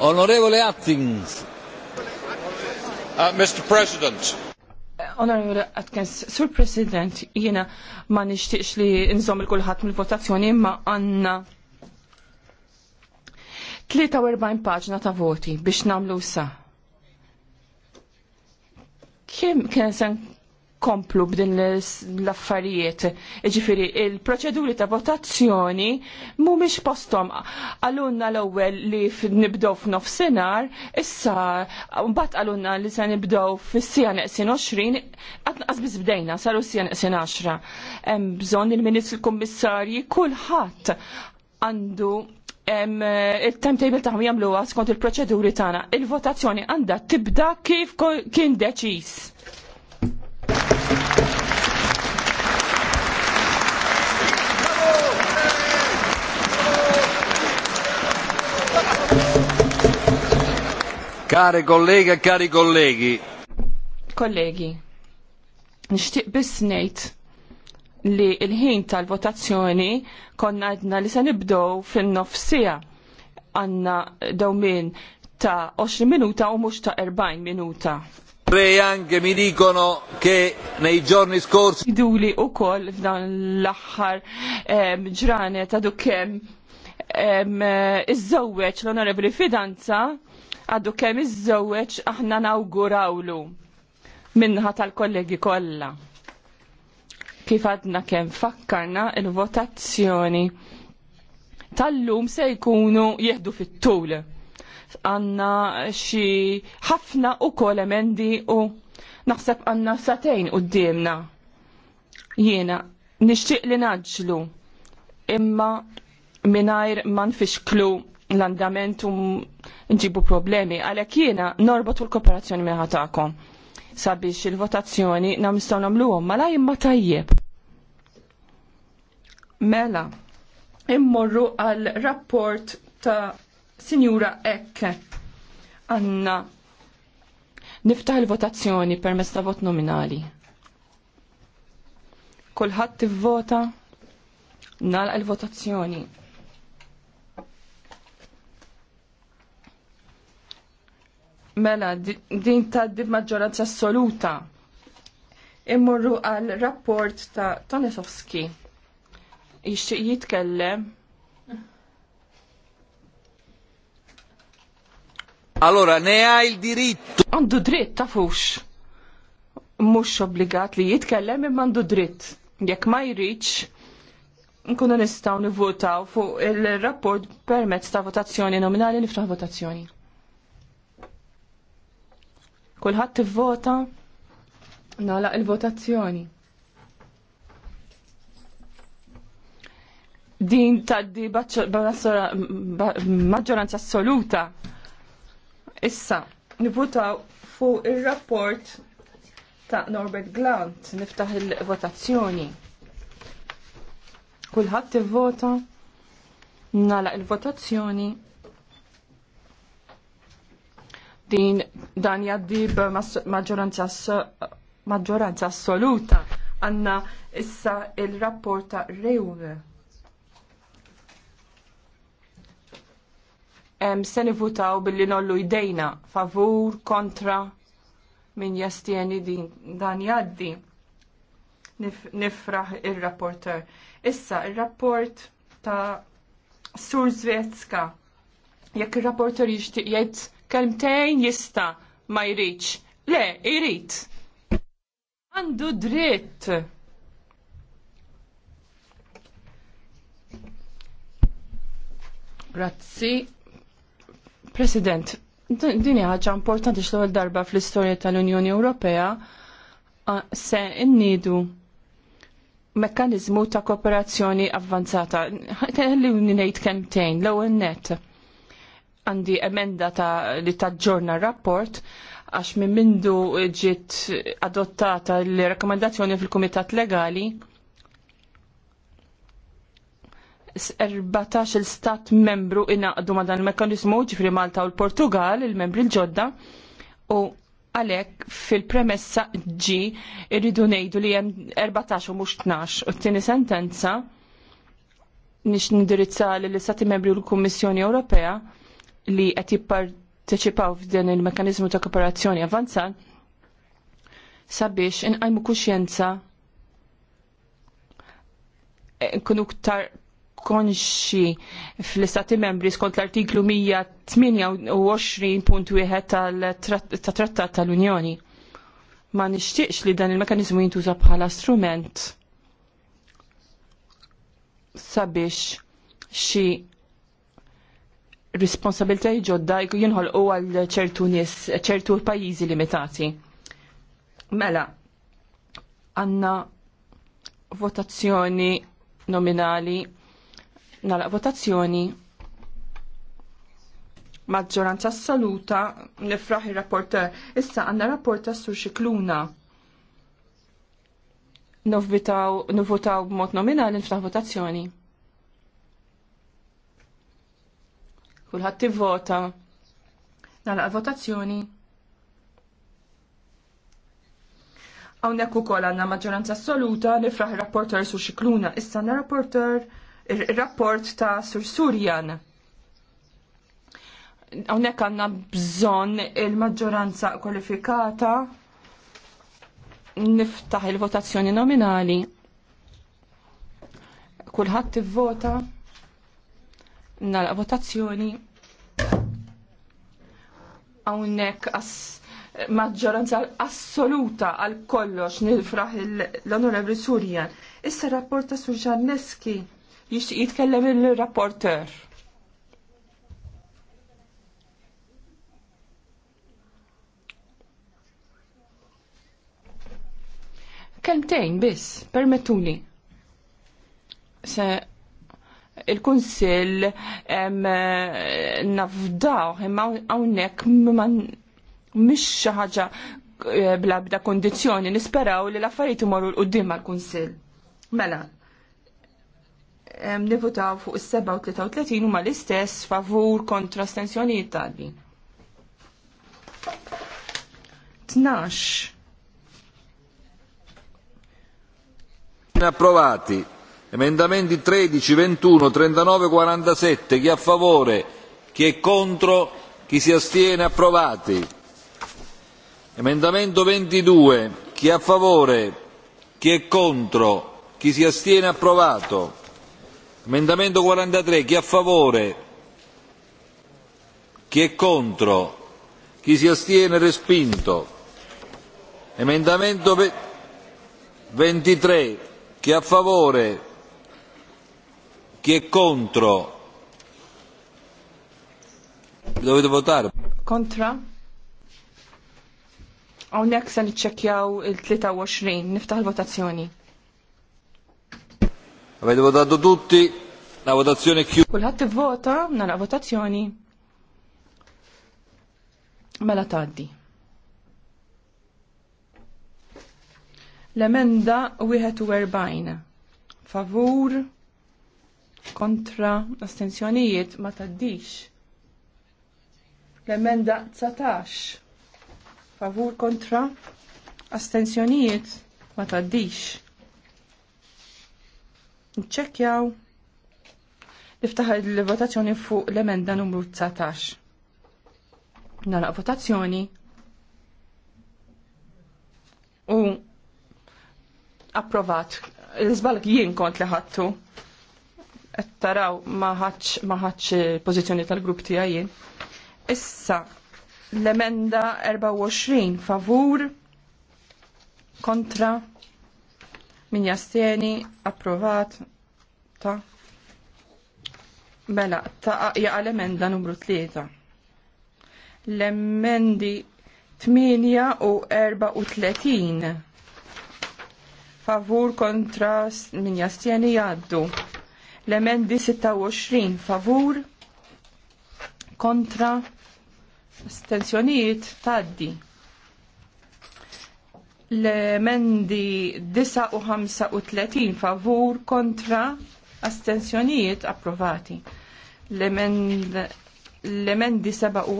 Onorevole Atkins. Uh, Mr. President. Onorevole Atkins, Sur President, jiena ma nishtiqx li nżomm il-kulħadd mill-votazzjoni imma għandna 43 paġna ta' voti biex nagħmlu sa. kien sen komplu b'din l-affarijiet. Iġifiri, il-proċeduri ta' votazzjoni mumiex postom. Għalunna l-ewel li nibdow f'nofsenar, issa mbagħad għalunna li se nibdow fis-sija neqsin 20, għazbiz bdejna, saru sija neqsin 10. Hemm bżonn il-Ministru l kummissarji kulħadd għandu il-timetable taħmi jamlu skont il-proċeduri tagħna. Il-votazzjoni għandha tibda kif kien deċiż. Care kollega, cari kollegi. Kollegi, nishtiq biss ngħid li l-ħin tal-votazzjoni konna għadna li se nibdow fin-nofsija għandna dawmin ta' 20 minuta u mhux ta' 40 minuta. Pre anke mi dikono ke nei giorni scorsi. Iduli u koll f'dan l-axħar ġranet għadu kem iż żewweġ l-onorevoli fidanza għadu kem iż żewweġ aħna nawgurawlu minnaħa tal-kollegi kollha. Kif għadna kem fakkarna il-votazzjoni tal-lum se jkunu jieħdu fit-tul għanna xi ħafna u kol emendi u naħseb għanna satejn u d-diemna. Jena, nishtiq li naġlu imma minajr man fixklu l-andament u nġibu problemi, għalek jena norbotu l-kooperazzjoni minħatakom sabiex il-votazzjoni namistaw namluwom, mala imma tajjeb. Mela, immorru għal rapport ta' Sinjura Ek, Anna, niftaħ il-votazzjoni permezz ta' vot nominali. Kulħadd tivvota nalq il-votazzjoni. Mela, din ta' dib maġġoranza assoluta. Immorru għal rapport ta' Tonisowski. Ixtieq jitkellem Allora, ne ha il diritto. Għandu dritt, tafux. Mux obbligat li jitkellem imma għandu dritt. Jekk ma jridx nkunu nistgħu nivvotaw fuq il-rapport permezz ta' votazzjoni nominali niftaħ votazzjoni. Kulħadd tivvota nagħlaq il-votazzjoni. Din taddi maġġoranza assoluta Issa, nivutaw fuq il-rapport ta' Norbert Glant niftaħ il-votazzjoni. Kulħadd ivvota nala il-votazzjoni din dan jaddi b'maġġoranza maġġoranza assoluta għanna issa il-rapport ta' Rewe. se nivutaw billi nollu jdejna favur, kontra, min jastieni din dan jaddi. Nif, nifraħ il-rapporter. Issa, il-rapport ta' Sur Zvezka. Jekk il-rapporter jixtieq jgħid kelmtejn jista ma jridx. Le, jrid. Għandu dritt. Grazzi. President, dini ħaġa importanti x'l darba fl-istorja tal-Unjoni Ewropea se innidu mekkanizmu ta' kooperazzjoni avvanzata. Kelli ngħid kemtejn l-ewwel net għandi emenda ta' li taġġorna rapport għax minn mindu ġiet adottata l-rekomendazzjoni fil-Kumitat Legali 14 il-stat membru inaqdu ma dan il-mekanizmu ġifri Malta u l-Portugal, il-membri l-ġodda, u għalek fil-premessa ġi irridu nejdu li jem 14 u mux 12 u t-tini sentenza nix nindirizza li l-istati membri u l-Kommissjoni Ewropea li għet jipparteċipaw f'din il-mekanizmu ta' kooperazzjoni avanzat sabiex inqajmu kuxjenza nkunu ktar konxi fl-istati membri skont l-artiklu 128.1 tal-Trattat tal-Unjoni. Ma nixtieqx li dan il-mekanizmu jintuża bħala strument sabiex xi responsabilta ġodda jinħolqu għal ċertu nies, ċertu pajjiżi limitati. Mela, għanna votazzjoni nominali nara votazzjoni maġġoranza assoluta nifraħ ir-rapporter. Issa għandna rapporta sur xikluna. Nivvotaw b'mod nominali niftaħ votazzjoni. Kulħadd tivvota. Nara votazzjoni. Hawnhekk ukoll għandna maġġoranza assoluta nifraħ ir-rapporter sur xikluna. Issa għanna rapporter rapport ta' Sur Surjan. Hawnhekk għandna bżonn il-maġġoranza kwalifikata niftaħ il-votazzjoni nominali. Kulħadd ivvota nagħlaq votazzjoni hawnhekk as maġġoranza assoluta għal kollox nifraħ l-onorevoli Surjan. Issa rapport ta' Surjan Neski jixtieq jitkellem il-rapporter. Kelmtejn biss, permettuni. Se il-Kunsill eh, nafdaw imma hawnhekk mhix xi ħaġa eh, bla bda kondizzjoni nisperaw li l-affarijiet imorru l-qudiem għal kunsill Mela, nivutaw fuq is-37 huma l-istess favur kontra stensjonijiet tali. 12. Approvati. Emendamenti 13, 21, 39, 47. Chi è a favore? Chi è contro? Chi si astiene? Approvati. Emendamento 22. Chi è a favore? Chi è contro? Chi si astiene? Approvato. Emendamento 43, chi è a favore? Chi è contro? Chi si astiene respinto? Emendamento 23, chi è a favore? Chi è contro? Dovete votare. Kontra? Għonek se niċċekjaw il-23, niftaħ il-votazzjoni. Avete votato tutti? La votazione è chiusa. Kulħadd ivvota nara votazzjoni. Mela tgħaddi. L-emenda 41. Favur kontra astensjonijiet ma taddix. L-emenda 19. Favur kontra astensjonijiet ma taddix Nċekjaw. Niftaħ il-votazzjoni fuq l-emenda numru 19. Nara votazzjoni. U approvat. L-izbalk jien kont li ħattu. Ettaraw maħħaċ maħħaċ pozizjoni tal-grupp tiegħi jien. Issa l-emenda 24 favur kontra min jastjeni, approvat, ta' Bela, ta' jaqal emenda numru tlieta. L-emendi 8 u 34 favur kontra min jastjeni jaddu. L-emendi 26 favur kontra stenzjonijiet taddi l-emendi 39 favur kontra astensjonijiet approvati. L-emendi 27 u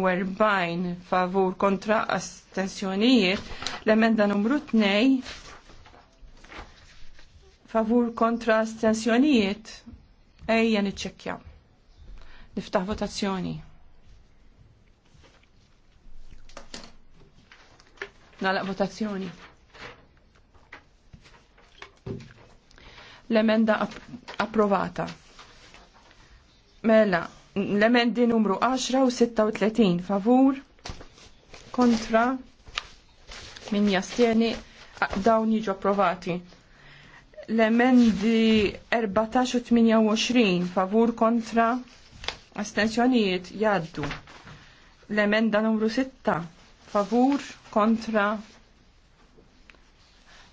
40 favur kontra astensjonijiet. L-emenda numru 2 favur kontra astensjonijiet. Ejja niċċekkja. Niftaħ votazzjoni. Nalaq votazzjoni. L-emenda approvata. Mela, l-emendi numru 10 u 36 favur kontra min jastjeni dawn jiġu approvati. L-emendi 14 u 28 favur kontra astensjonijiet jaddu. L-emenda numru 6 favur kontra.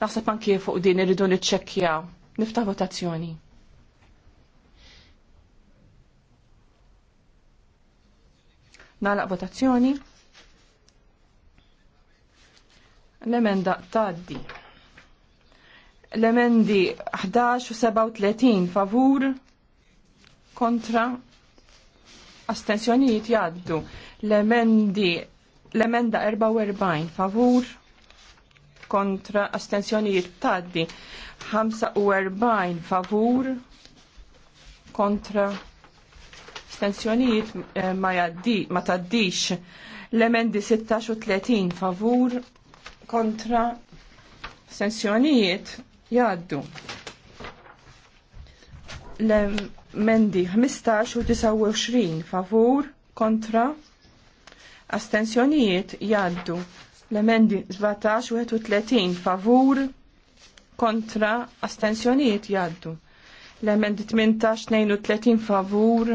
Naħseb anki fuq din irridu niċċekkjaw. Niftaħ votazzjoni. Nalaq votazzjoni. L-emenda taddi. L-emendi 11 u 37 favur kontra astensjonijiet jaddu. L-emendi L-emenda 44 favur kontra astensjonijiet jittaddi 45 favur kontra astensjonijiet eh, ma jaddi ma taddix l-emendi 16 u 30 favur kontra astensjonijiet jaddu l-emendi 15 u 29 favur kontra Astenzjonijiet jaddu l-emendi 17 31 favur kontra astensjonijiet jaddu l-emendi 18 32 favur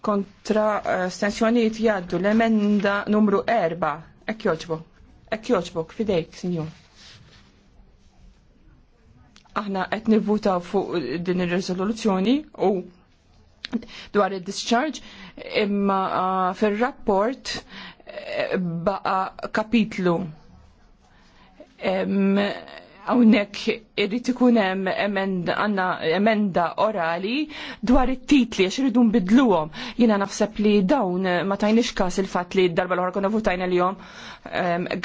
kontra astenzjonijiet jaddu l-emenda numru 4 ek joġbok kfidejk joġbok fidejk sinjur aħna qed nivvutaw fuq din ir-riżoluzzjoni u dwar il-discharge imma uh, fil-rapport eh, baqa kapitlu għawnek irrit ikun hemm għanna emenda orali dwar it-titli għax irridu nbidluhom. Jiena naħseb li dawn ma tajniex każ il-fatt li d-darba l-oħra konna votajna li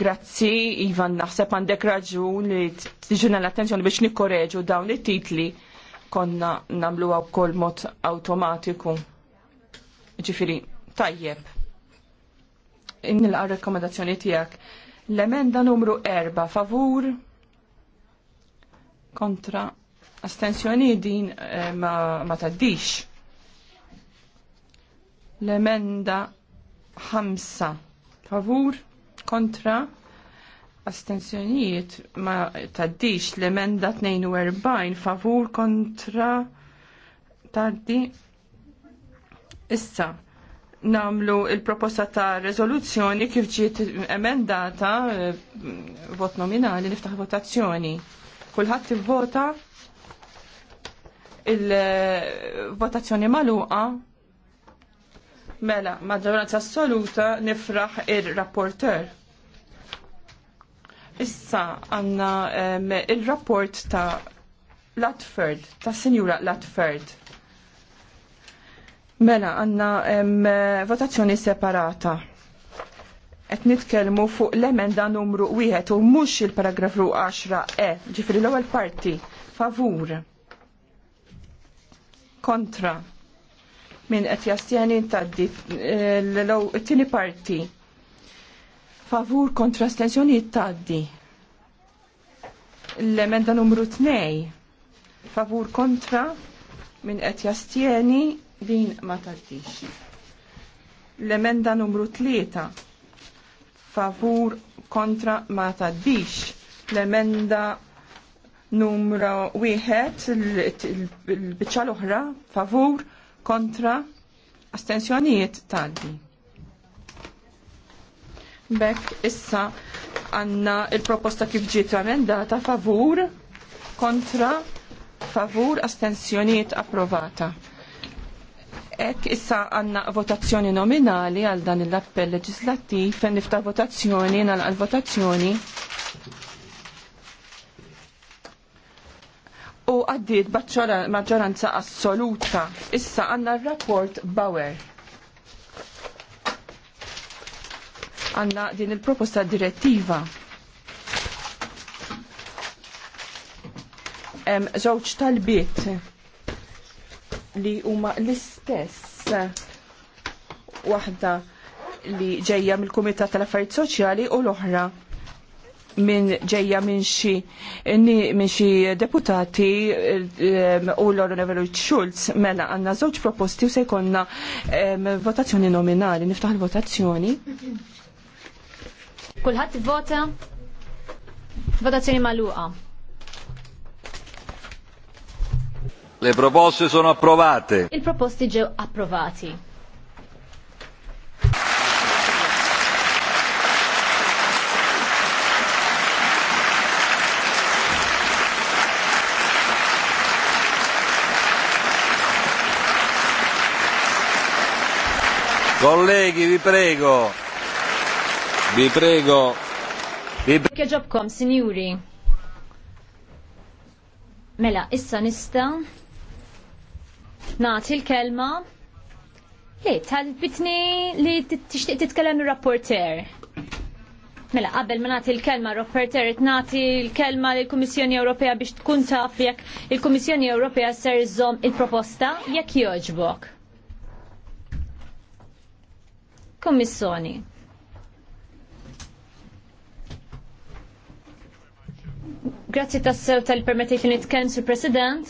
Grazzi, Ivan, naħseb għandek raġun li tġuna l-attenzjoni biex nikkoreġu dawn it-titli konna namlu għaw kol mod automatiku. Ġifiri, tajjeb. Innilqa rekomendazzjoni tijak. L-emenda numru 4, favur kontra astensjoni din eh, ma, ma taddix. L-emenda 5, favur kontra Astenzjonijiet ma taddix l-emenda 42 favur kontra taddi issa namlu il-proposta ta' rezoluzzjoni kif ġiet emendata eh, vot nominali niftaħ votazzjoni. Kulħadd ivvota il-votazzjoni maluqa mela maġġoranza assoluta nifraħ ir-rapporter. Issa għanna um, il-rapport ta' Latford, ta' Sinjura Latford. Mela, għanna um, votazzjoni separata. Et nitkelmu fuq l-emenda numru 1 u mux il-paragrafu 10 e, ġifri l-ewwel parti, favur, kontra, min qed jastjeni ta' eh, l-tieni parti, favur kontra stenzjoniet taddi. L-emenda numru 2 favur kontra minn qed jastjeni din ma taddix. L-emenda numru 3 favur kontra ma taddix. L-emenda numru 1 il-biċċa l-oħra favur kontra astensjonijiet taddi Bekk issa għanna il-proposta kif ġiet emendata favur, kontra, favur, astensjoniet approvata. Ek issa għanna votazzjoni nominali għal dan l-appell leġislattiv, fen nifta votazzjoni, għal votazzjoni. U għaddit maġġoranza assoluta. Issa għanna r-rapport Bauer. għanna din il-proposta direttiva. Zawċ żewġ talbiet li huma l-istess waħda li ġejja mill-Kumitat tal-Affarijiet Soċjali u l-oħra minn ġejja minn xi minn xi deputati u l-Onorevoli Schulz mela għandna żewġ proposti u se jkollna votazzjoni nominali. Niftaħ il-votazzjoni. Kulħadd vota votazzjoni maluqa. Le proposte sono approvate. Il-proposti ġew approvati. Colleghi, vi prego. Vi prego. com, sinjuri. Mela, issa nista nagħti l-kelma. Le, talbitni li tixtieq titkellem ir-rapporter. Mela, qabel ma nagħti l-kelma rapporter nagħti l-kelma lill kummissjoni Ewropea biex tkun taf jekk il-Kummissjoni Ewropea ser iżomm il-proposta jekk jogħġbok. Kommissjoni. Grazzi tassew tal permetti li nitkellem sur President.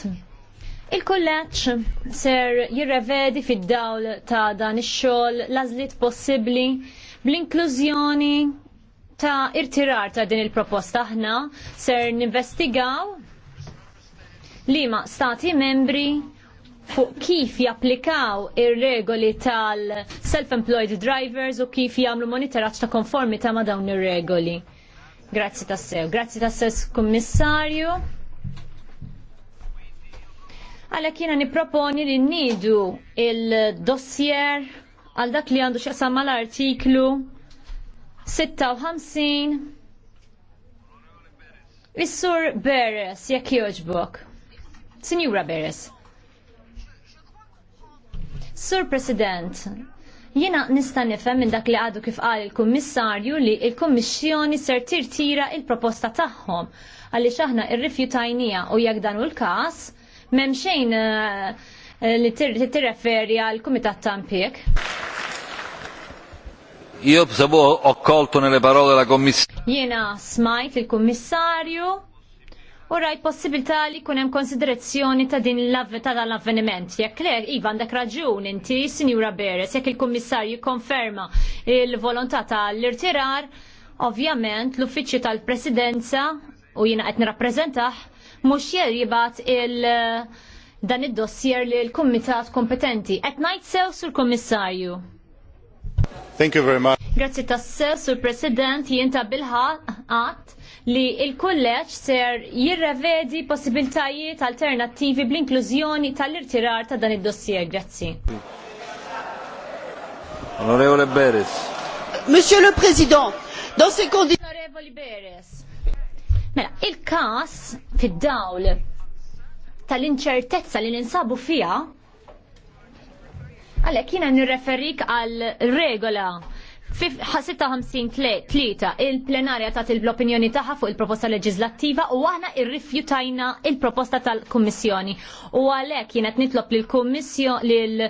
Il-kolleġġ ser jirrevedi fid-dawl ta' dan ix-xogħol l-għażliet possibbli bl-inklużjoni ta' irtirar ta' din il-proposta aħna ser ninvestigaw liema stati membri fuq kif japplikaw ir-regoli tal-self-employed drivers u kif jagħmlu monitoraġġ ta' konformità ma' dawn ir-regoli. Grazzi tassew. Grazzi tassew, kummissarju. Għalla kiena niproponi li nidu il-dossier għal dak li għandu xaqsam mal-artiklu 56 Is-sur Beres, jekk joġbok. Sinjura Beres. Sur President, Jiena nista' nifhem minn dak li għadu kif qal il-Kummissarju li il-Kummissjoni ser tirtira il-proposta tagħhom għaliex aħna rrifjutajnija u jekk dan hu l-każ m'hemm xejn eh, li tirreferi għal Kumitat Tampik. Io bsabu ho nelle parole Jiena smajt il-Kummissarju u rajt possibilità li jkun hemm konsiderazzjoni ta' din ta' dan l-avveniment. Jekk le, Iva għandek raġun inti, Sinjura Beres, jekk il-Kummissarju konferma il-volontà tal-irtirar, ovvjament l-uffiċċju tal-Presidenza u jiena qed nirrappreżentah mhux jibgħat il- dan id-dossier li l-Kumitat kompetenti. Qed ngħid sew sur-Kummissarju. Thank you very much. Grazzi tassew sur President jien ta' bilħaq li il-kulleġġ ser jirrevedi possibiltajiet alternattivi bl-inklużjoni tal-irtirar ta' dan id-dossier. Grazzi. Onorevole Beres. Monsieur le Président, dans ces conditions... Onorevole Beres. Mela, il-kas fid-dawl tal-inċertezza li ninsabu fija, għalek jina nirreferik għal regola 56 il-plenarja tat l opinjoni taħħa fuq il-proposta leġislattiva u aħna rifjutajna il-proposta tal-Kummissjoni. U għalhekk jienet nitlob lill-Kummissjon l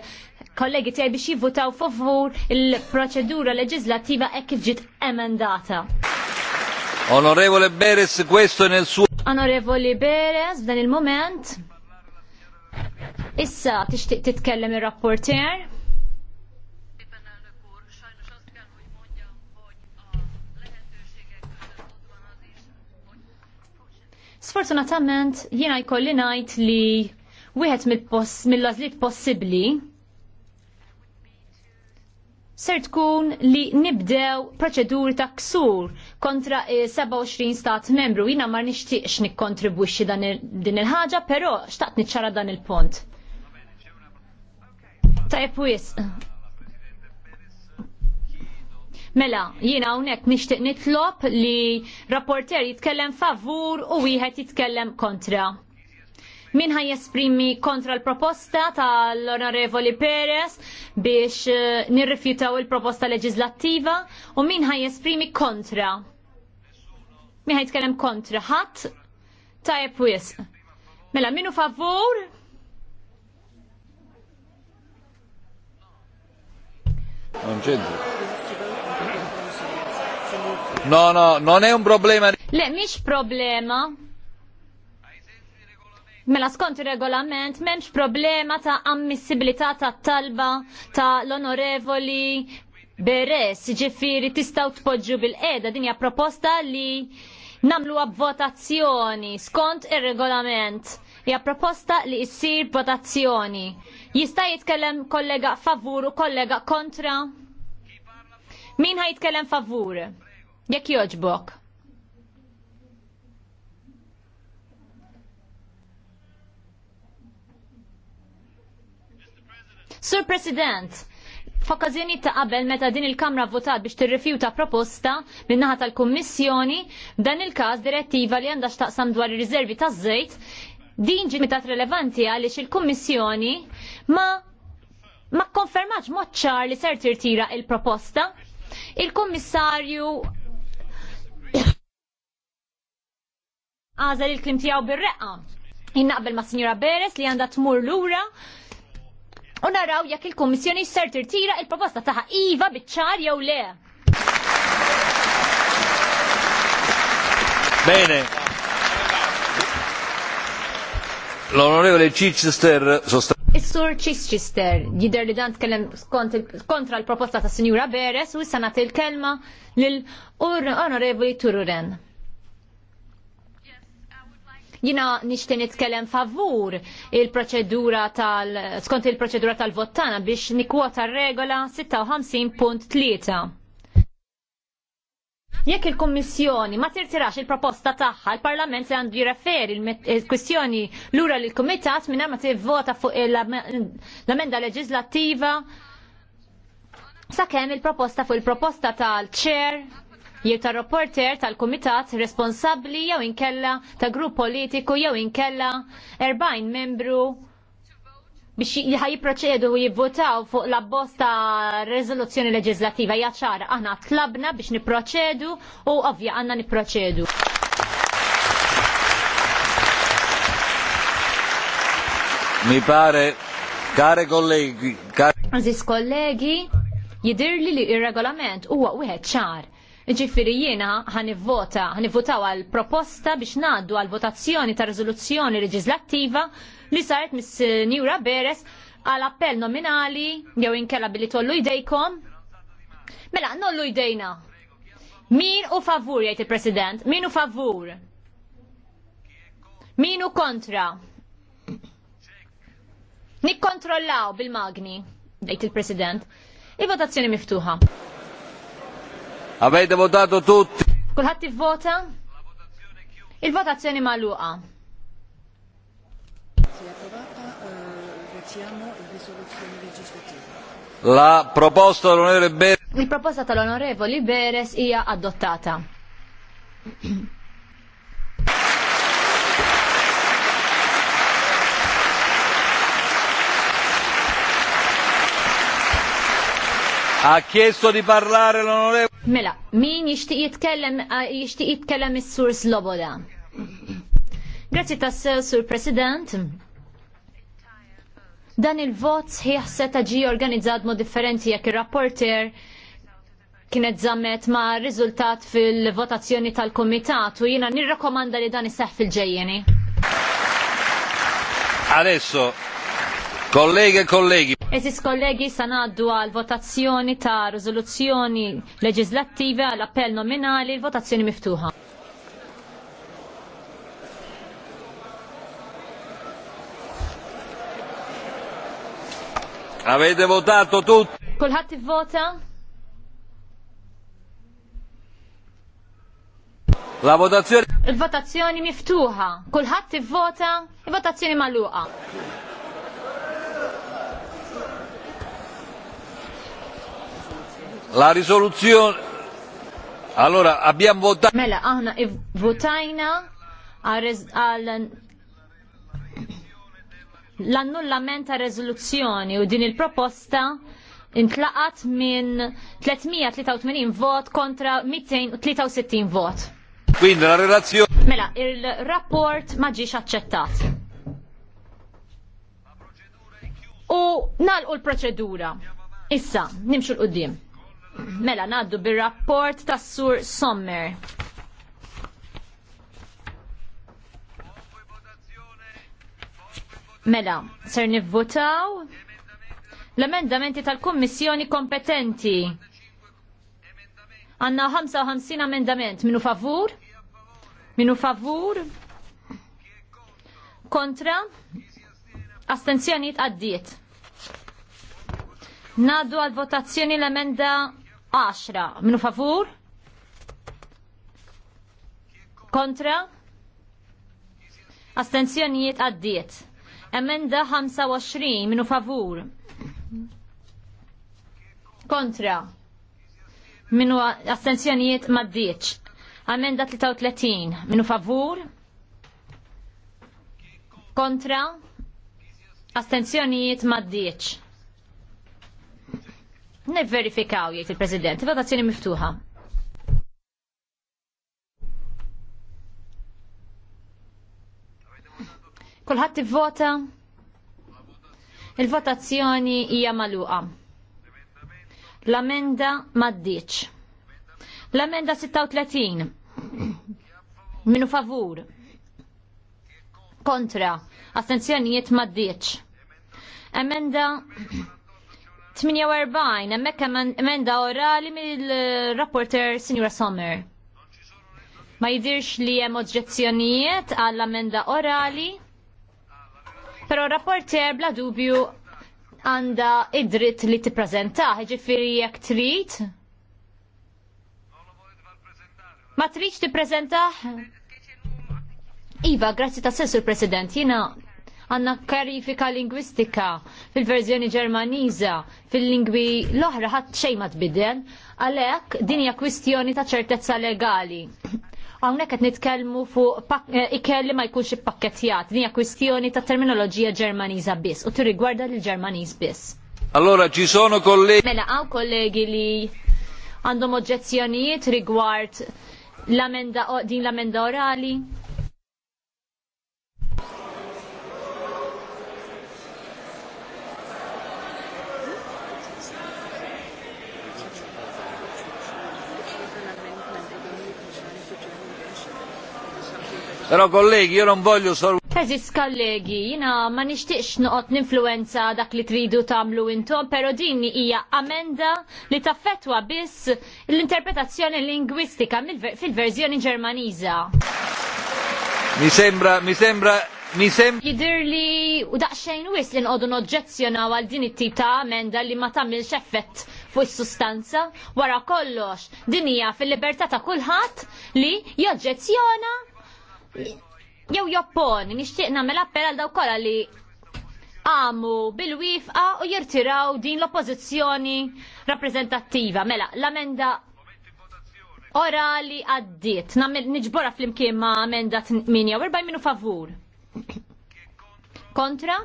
kollegi tiegħi biex jivvutaw favur il-proċedura leġislattiva hekk kif ġiet emendata. Onorevole Beres, questo nel suo... Onorevoli Beres, f'dan il-moment. Issa tixtieq titkellem ir-rapporter. Sfortunatament, jiena jkolli ngħid li wieħed mill-għażliet possibbli ser tkun li nibdew proċeduri ta' ksur kontra 27 stat membru. Jina mar nixtieqx nikkontribwixxi din il-ħaġa, però xtaqt niċċara dan il-pont. Tajjeb wisq. Mela, jina hawnhekk nixtieq nitlob li rapporter jitkellem favur u wieħed jitkellem kontra. Min ħaj jesprimi kontra l-proposta tal-Onorevoli Perez biex eh, nirrifjutaw il-proposta leġislattiva u min ħaj jesprimi kontra. Min ħaj jitkellem kontra ħadd tajb wis. Mela, minu favur? Non No, no, non è un problema. Le, mish problema. Mela skont il-regolament, memx problema ta' ammissibilità ta' talba ta' l-onorevoli Beres, ġifiri tistaw tpoġġu bil-qeda, dinja proposta li namlu votazzjoni skont il-regolament. Hija proposta li jissir votazzjoni. Jista' jitkellem kollega favur u kollega kontra? Min ħajtkellem favur? Jekk joġbok. Sur President, f'okkażjoni ta' qabel meta din il-Kamra votat biex tirrifjuta proposta min-naħa tal-Kummissjoni dan il-każ direttiva li għandha x'taqsam dwar ir-riservi taż-żejt din mitat relevanti għaliex il-Kummissjoni ma ma konfermax mod ċar li ser tirtira il-proposta. Il-Kummissarju għażel il-klim tijaw bir-reqqa. Innaqbel ma' Sinjora Beres li għandha tmur lura u naraw jekk il-Kummissjoni ser tirtira il-proposta taħ iva biċ-ċar jew le. Bene. L-Onorevole Chichester sostanzialmente. Is-sur Chichester jider li dan tkellem kontra l-proposta ta' Sinjura Beres u issa nagħti l-kelma lill-Onorevoli Tururen. Jina nixtieq nitkellem favur il-proċedura tal skont il-proċedura tal-vottana biex nikwota regola 56.3. Jekk il-Kommissjoni ma tirtirax il-proposta tagħha, l parlament se għandu jirreferi l kwistjoni lura lill kumitat minn ma tivvota fuq l-amenda leġislattiva sakemm il-proposta fuq il-proposta tal-Chair jew ta' reporter tal-kumitat responsabbli jew inkella ta' grupp politiku jew inkella 40 membru biex ħajproċedu u jivvotaw fuq la bosta rezoluzzjoni leġislativa jaċar aħna tlabna biex niproċedu u ovvja għanna niproċedu. Mi pare, kare kollegi, kare... Aziz kollegi, jidirli li ir regolament huwa wieħed ċar. Ġifiri jiena ħanivvota, ħanivvotaw għal proposta biex naddu għal votazzjoni ta' rezoluzzjoni leġislattiva li saret mis Njura Beres għal appell nominali jew inkella billi tollu jdejkom. Mela, nollu jdejna. Min u favur jgħid il-President? Min u favur? Min u kontra? Nikkontrollaw bil-magni, jajt il-President. Il-votazzjoni miftuħa. Avete votato tutti? Kulħadd vota? Il-votazzjoni magħluqa. La proposta dell'onorevole Beres. Il proposta dell'onorevole Beres hija adottata. Ha chiesto di parlare l'onorevole. Mela, min jixtieq jitkellem jixtieq jitkellem is-Sur Sloboda. Grazie tas, Sur President. Dan il-vot se seta ġi organizzat mod differenti jekk ir-rapporter kienet zammet ma' riżultat fil-votazzjoni tal-komitat u jiena nirrakomanda li dan isseħ fil-ġejjeni. Adesso, kolleghe e kollegi, Eżis kollegi sanaddu għal votazzjoni ta' rizoluzzjoni leġislattiva għal appell nominali l-votazzjoni miftuħa. Avete votato tutti? Kulħadd vota? La votazione. Il votazzjoni miftuħa. Kulħadd vota? il votazzjoni magħluqa. La risoluzione. Allora, abbiamo votato. Mela, aħna votajna għal l-annullament ta' rezoluzzjoni u din il-proposta intlaqat minn 383 vot kontra 263 vot. Quindi la relazione. Mela, il-rapport ma ġiex aċċettat. U nalqu l-proċedura. Issa, nimxu l-qoddim. Mela naddu bir-rapport tas Sur Sommer. Mela, ser nivvotaw l-emendamenti tal-Kummissjoni kompetenti. Għanna 55 emendament minu favur? Minu favur? Kontra? Astenzjoniet għaddiet. Naddu għal votazzjoni l-emenda 10 minu favur kontra astenzjonijiet għaddiet emenda 25 minu favur kontra minu astenzjonijiet maddiċ emenda 33 minu favur kontra astenzjonijiet maddiċ Nivverifikaw jgħid il-President, votazzjoni miftuħa. Kulħadd ivvota? Il-votazzjoni hija magħluqa. L-amenda maddiċ. L-amenda 36. Minu favur. Kontra. Astenzjonijiet maddiċ. Emenda 48, emmek emenda orali mill-rapporter Signora Sommer. Ma jidirx li hemm oġġezzjonijiet għall amenda orali, però rapporter bla dubju għanda id-dritt li tippreżenta, ġifiri jekk trit. Ma tridx prezenta Iva, grazzi ta' sessur President, jina għanna karifika lingwistika fil-verżjoni ġermaniża fil-lingwi l-oħra ħadd xejn ma tbidel, għalhekk din hija kwistjoni ta' ċertezza legali. Hawnhekk qed nitkellmu fuq eh, ikelli ma jkunx ippakketjat, din hija kwistjoni ta' terminoloġija ġermaniża biss u tirrigwarda lill ġermaniż biss. Allora ci sono kollegi. Mela hawn kollegi li għandhom oġġezzjonijiet rigward l-amenda din l-amenda orali. Però kollegi, io non voglio solo... Teżis kollegi, jina ma nishtiqx noqot ninfluenza dak li tridu tamlu intom, pero din hija amenda li taffetwa biss l-interpretazzjoni lingwistika fil-verżjoni ġermaniża. Mi sembra, mi sembra Mi sem Jidir li u daqxajn wis li nqodu noġġezzjona għal din it-tip ta' amenda li ma tamil effett fuq is-sustanza wara kollox din hija fil-libertà ta' kulħadd li joġġezzjona jew jopponi, nixtieq nagħmel appell għal dawk kollha li għamu bil-wifqa u jirtiraw din l-oppożizzjoni rappreżentattiva. Mela, l-amenda orali għaddiet, niġbora fl-imkien ma' amenda 48 minu favur. Kontra?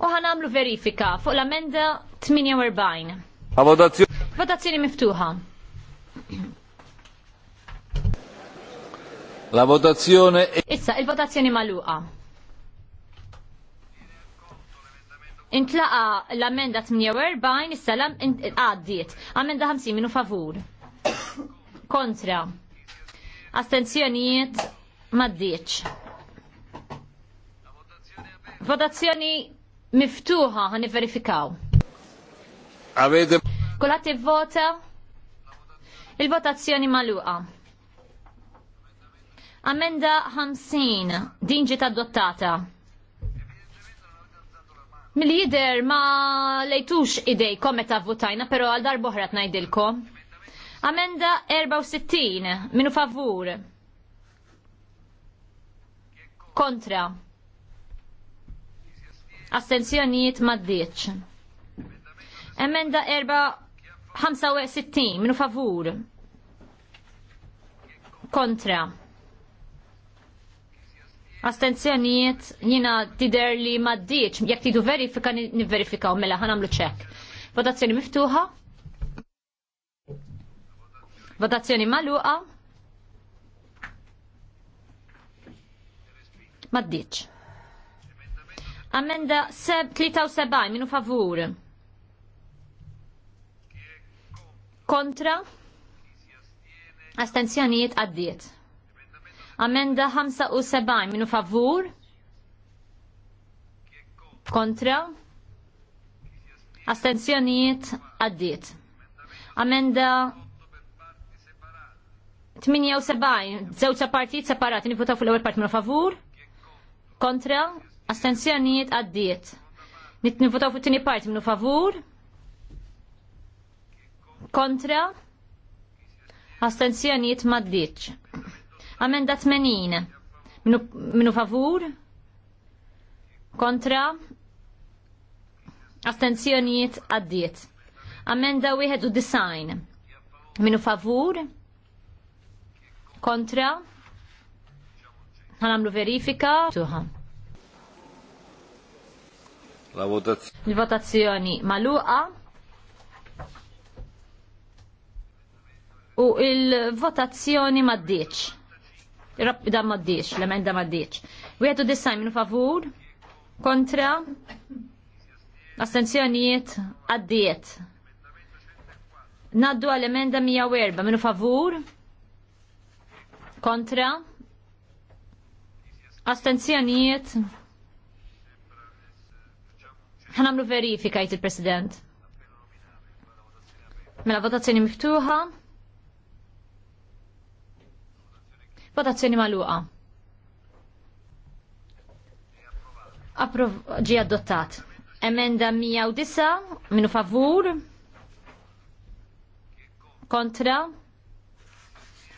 U għamlu verifika fuq l-amenda 48. Votazzjoni miftuħa. La votazione è... Issa, il-votazzjoni maluqa. Intlaqa l-amenda 48, issa għaddiet. Amenda 50 minu favur. Kontra. Astenzjonijiet maddiċ. Votazzjoni miftuħa għan verifikaw. Avete... Kulati vota? Il-votazzjoni maluqa. Amenda 50, din ġiet adottata. Mill-jider ma lejtux idejkom meta votajna, però għal dar boħra tnajdilkom. Amenda 64, minu favur. Kontra. Astenzjonijiet maddiċ. Emenda 65. minu favur. Kontra. Astenzjonijiet jina tider li maddiċ, jek tidu verifika u mela ħanamlu ċek. Votazzjoni miftuħa? Votazzjoni maluqa? Maddiċ. Amenda 73 minu favur. Kontra? Astenzjonijiet għaddiet. Amenda 75 minu favur? Kontra? Astenzjoniet għaddiet. Amenda 78, zewċa partijiet separati, nifutaw fil-ewel part minu favur? Kontra? Astenzjonijiet għaddiet. Nifutaw fil-tini parti minu favur? Kontra? Astenzjonijiet maddiċ. Amenda 80. Minu, minu favur? Kontra? Astenzjoniet għaddiet. Amenda 91. Minu favur? Kontra? Għanamlu verifika. Tuħa. La votazzjoni. votazzjoni maluqa. U il-votazzjoni maddiċ. Dan maddiex, l-emenda maddiex. Wieħed u disajn minn favur, kontra, astenzjonijiet, għaddiet. Naddu għal-emenda 104 minn favur, kontra, astenzjonijiet, ħanamlu verifika jt il-President. Mela votazzjoni miftuħa. Votazzjoni magħluqa. ġi adottat. Emenda 109 minu favur. Kontra.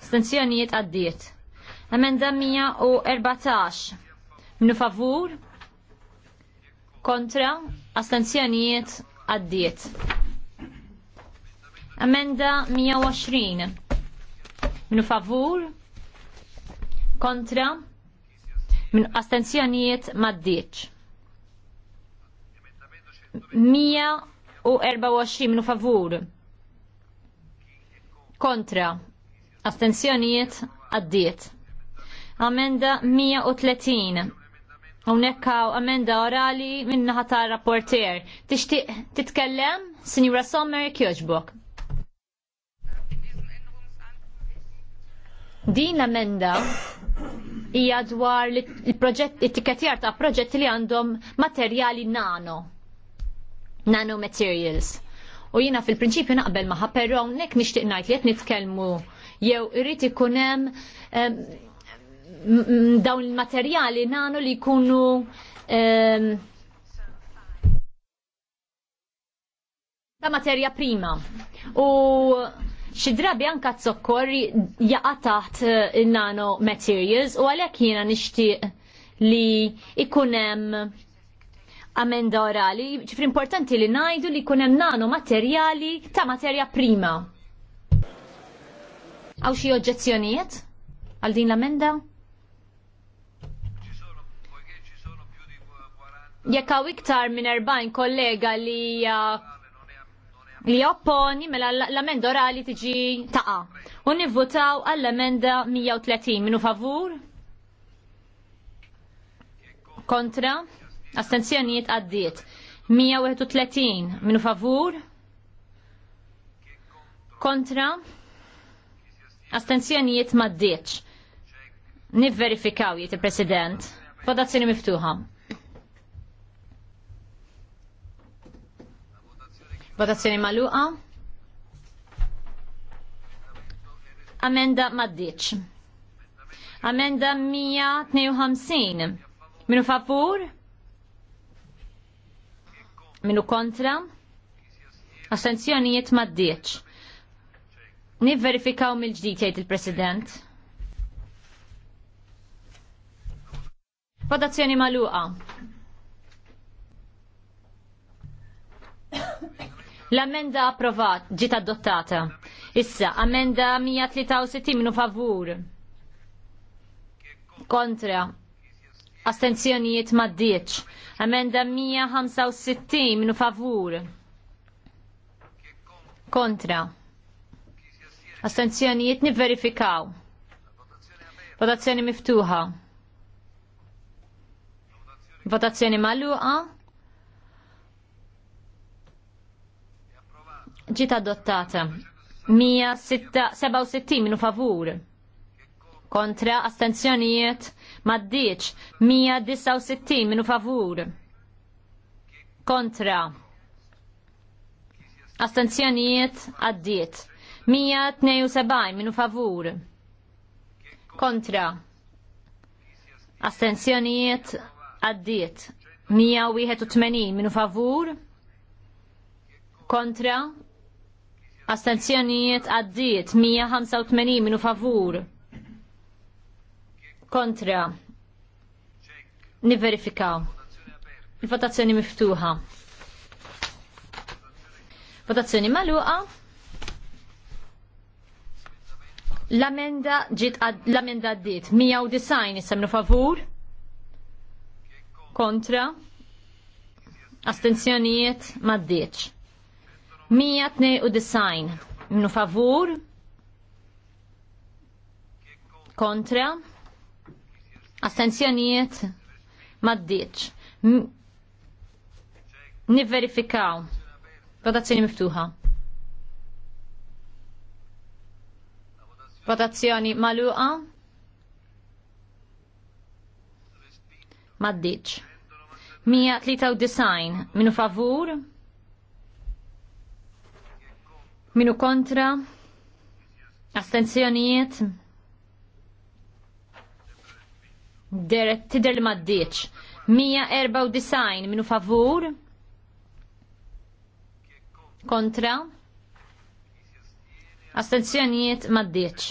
Stenzjonijiet għaddiet. Emenda 114 minu favur. Kontra. Astenzjonijiet għaddiet. Emenda 120 minu favur kontra minn astenzjonijiet maddiċ. 124 minu favur kontra astenzjonijiet għaddiet. Amenda 130 Hawnhekk amenda orali min-naħa tar rapporter. Tixtieq titkellem, Sinjura Sommer Kjoġbok. Din amenda hija dwar it-tikketjar ta' proġetti li għandhom materjali nano. Nano materials. U jina fil-prinċipju naqbel maħa, però hawnhekk nixtieq ngħid li qed nitkellmu jew irrid ikun hemm dawn il-materjali nano li jkunu ta' materja prima. U xi drabi anka t sokkorri jaqa' taħt eh, il-nano materials u għalhekk jiena nixtieq li ikun hemm amenda orali, ċifri importanti li ngħidu li jkun hemm nano materjali ta' materja prima. Għaw xi oġġezzjonijiet għal din l-amenda? Jekk hawn iktar minn erbajn kollega li li opponi mela l-amenda orali tiġi taqa. U nivvotaw għall-amenda 130 minu favur? Kontra? Astenzjonijiet għaddiet. 131 minu favur? Kontra? Astenzjonijiet maddiċ. Nivverifikaw jiet il-President. Votazzjoni miftuħa. Votazzjoni maluqa. Amenda maddiċ. Amenda 152. Minu favur? Minu kontra? Astenzjonijiet maddiċ. Nivverifikaw mill-ġdid jgħid il-President. Votazzjoni maluqa. L-amenda approvat, ġiet adottata. Issa, amenda 163 minu favur. Kontra. Astenzjonijiet maddiċ. Amenda 165 minu favur. Kontra. Astenzjonijiet niverifikaw. Votazzjoni miftuħa. Votazzjoni maluqa. ġiet adottata. 167 minu favur. Kontra astenzjonijiet maddiċ. 169 minu favur. Kontra. Astenzjonijiet għaddiet. 172 minu favur. Kontra. Astenzjonijiet għaddiet. 181 minu favur. Kontra Astenzjonijiet għaddiet 185 minu favur. Kontra. Niverifikaw. Il-votazzjoni miftuħa. Votazzjoni maluqa. L-amenda ġiet l-amenda għaddiet 190 semnu favur. Kontra. Astenzjonijiet ma' 192 minu favur kontra astenzjonijiet maddiċ niverifikaw votazzjoni miftuħa votazzjoni maluqa maddiċ 193 minu favur Minu kontra? Astenzjonijiet? Tider li maddiċ. 194 minu favur? Kontra? Astenzjonijiet maddiċ.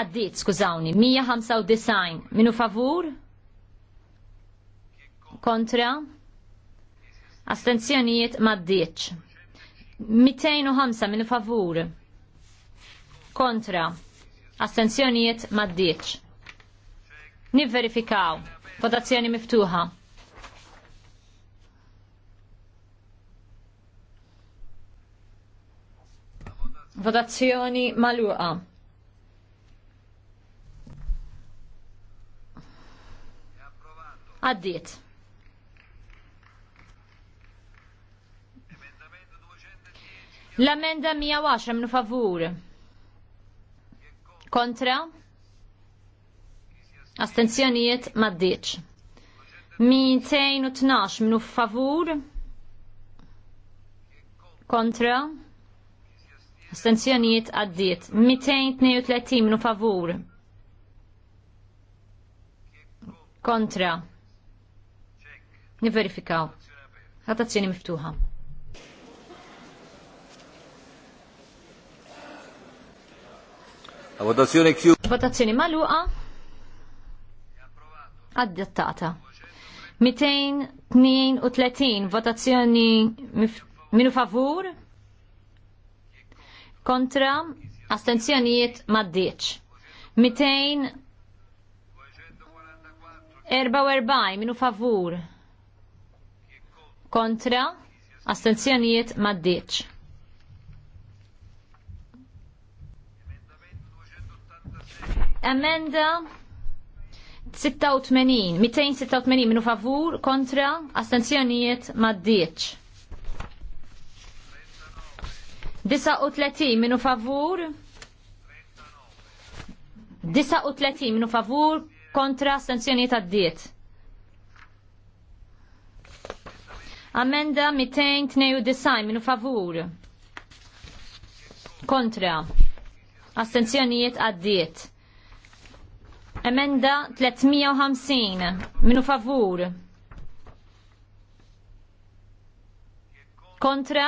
Addiċ, skużawni, 195 minu favur? Kontra? Astenzjonijiet maddiċ. 205 minn favur. Kontra. Astenzjonijiet maddiċ. Nivverifikaw. Votazzjoni miftuħa. Votazzjoni maluqa. Għaddiet. L-amenda 110 minn favur. Kontra? Astenzjonijiet maddiċ. 212 minn favur. Kontra? Astenzjonijiet għaddiet. 232 minn favur. Kontra? Niverifikaw. Għatazzjoni miftuħa. La votazione chiusa. Votazione maluqa. Addettata. 232 votazioni minu favur kontra astenzjonijiet maddiċ. 244 minu favur kontra astenzjonijiet maddiċ. Emenda 86, 286 minu favur, kontra, astenzjonijiet maddiċ. 39 minu favur, 39 minu favur, kontra, astenzjonijiet addiet. Amenda 292 minu favur. Kontra. Astenzjonijiet għaddiet. Emenda 350. Minu favur. Kontra.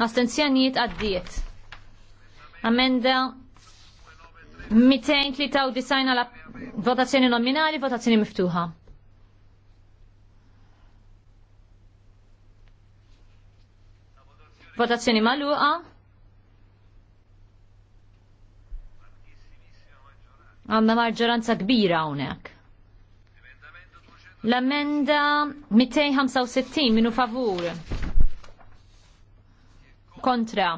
Astenzjonijiet għaddiet. Amenda 293 għal votazzjoni nominali, votazzjoni miftuħa. Votazzjoni maluqa. Għanna marġoranza kbira hawnhekk. L-amenda 265 minu favur. Kontra.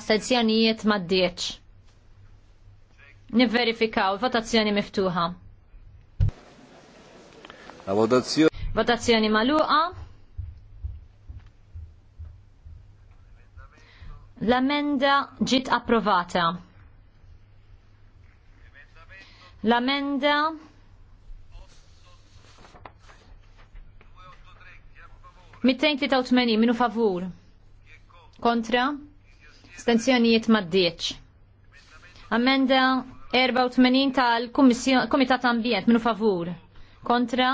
Astenzjonijiet maddieċ. Niverifikaw, votazzjoni miftuħa. votazzjoni. maluqa. L-amenda ġiet approvata. L-amenda Mittejn 83 minu favur. Kontra? Stenzjonijiet maddieċ. Amenda 84 tal-Komitat Ambient minu favur. Kontra?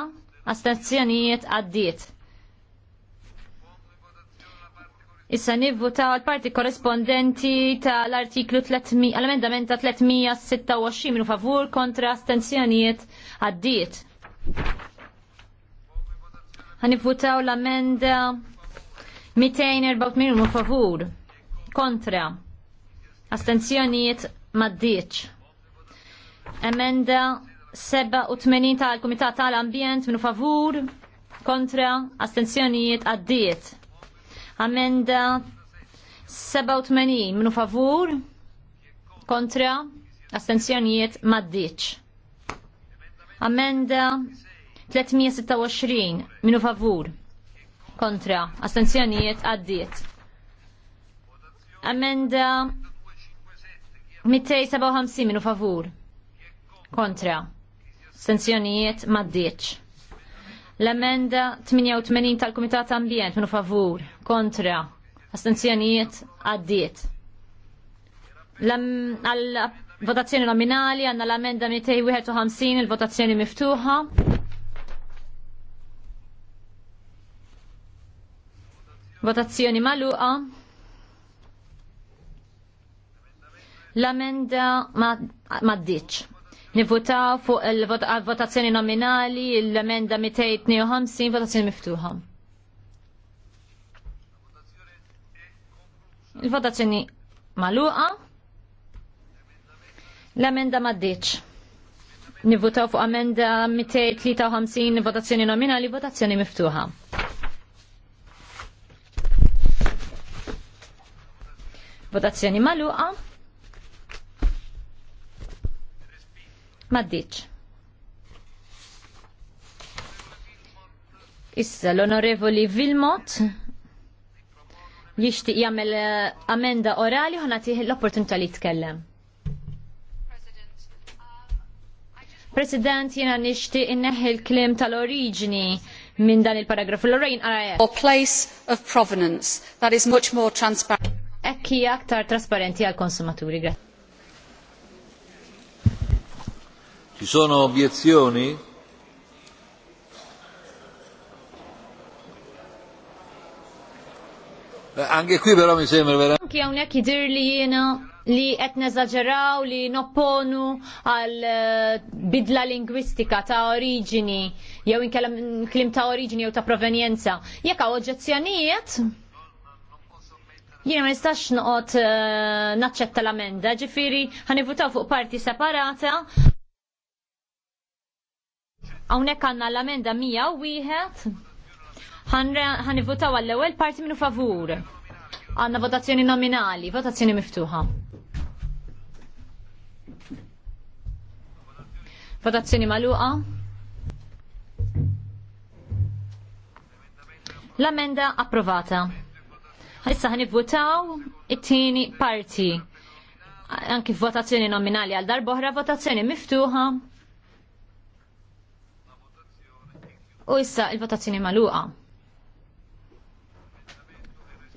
Astenzjonijiet għaddiet. Issa ta' l parti korrespondenti tal-artiklu għal-emendament ta' 326 minu favur kontra astenzjonijiet għaddiet. ta' l-amenda 204 minu favur kontra astenzjonijiet maddiċ. Emenda 87 tal-Komitat tal-Ambjent minu favur kontra astenzjonijiet għaddiet Amenda 87 minu favur kontra astenzjonijiet maddiċ. Amenda 326 minu favur kontra astenzjonijiet għaddiet. Amenda 257 minu favur kontra astenzjonijiet maddiċ. L-emenda 88 tal-Kumitat Ambjent minu favur, kontra, astenzjonijiet għaddiet. Għal-votazzjoni nominali għanna l-emenda 251 il-votazzjoni miftuħa. Votazzjoni maluqa. L-emenda ma, ma Nivutaw fuq il-votazzjoni nominali l-emenda 252 votazzjoni miftuħa. Il-votazzjoni maluqa. L-emenda maddiċ. Nivutaw fuq amenda 253 votazzjoni nominali votazzjoni miftuħa. Votazzjoni maluqa. Maddiċ. Issa l-onorevoli Vilmot jixtieq jagħmel eh, amenda orali u nagħtih l-opportunità li jitkellem. President, jiena nixtieq inneħħi l-klim tal-oriġini minn dan il-paragrafu l-orajn Or place of provenance that is much more transparent. Ekki aktar trasparenti għal konsumaturi. Grazie. Ci sono obiezioni? Eh, Anke qui però mi sembra veramente. Anke hawnhekk jidir dirli jiena li qed neżaġeraw li nopponu għal eh, bidla lingwistika ta' oriġini jew inkellem klim ta' oriġini jew ta' provenjenza. Jekk hawn oġġezzjonijiet, jiena ma nistax noqgħod eh, naċċetta l-amenda, ġifieri ħanivutaw fuq parti separata Hawnhekk għandna l-amenda mija u wieħed ħanivvutaw għall-ewwel parti minnu favur. Għandna votazzjoni nominali, votazzjoni miftuħa. Votazzjoni magħluqa. L-amenda approvata. Issa ħanivvutaw it-tieni parti anki votazzjoni nominali għal darboħra votazzjoni miftuħa. U issa il-votazzjoni maluqa.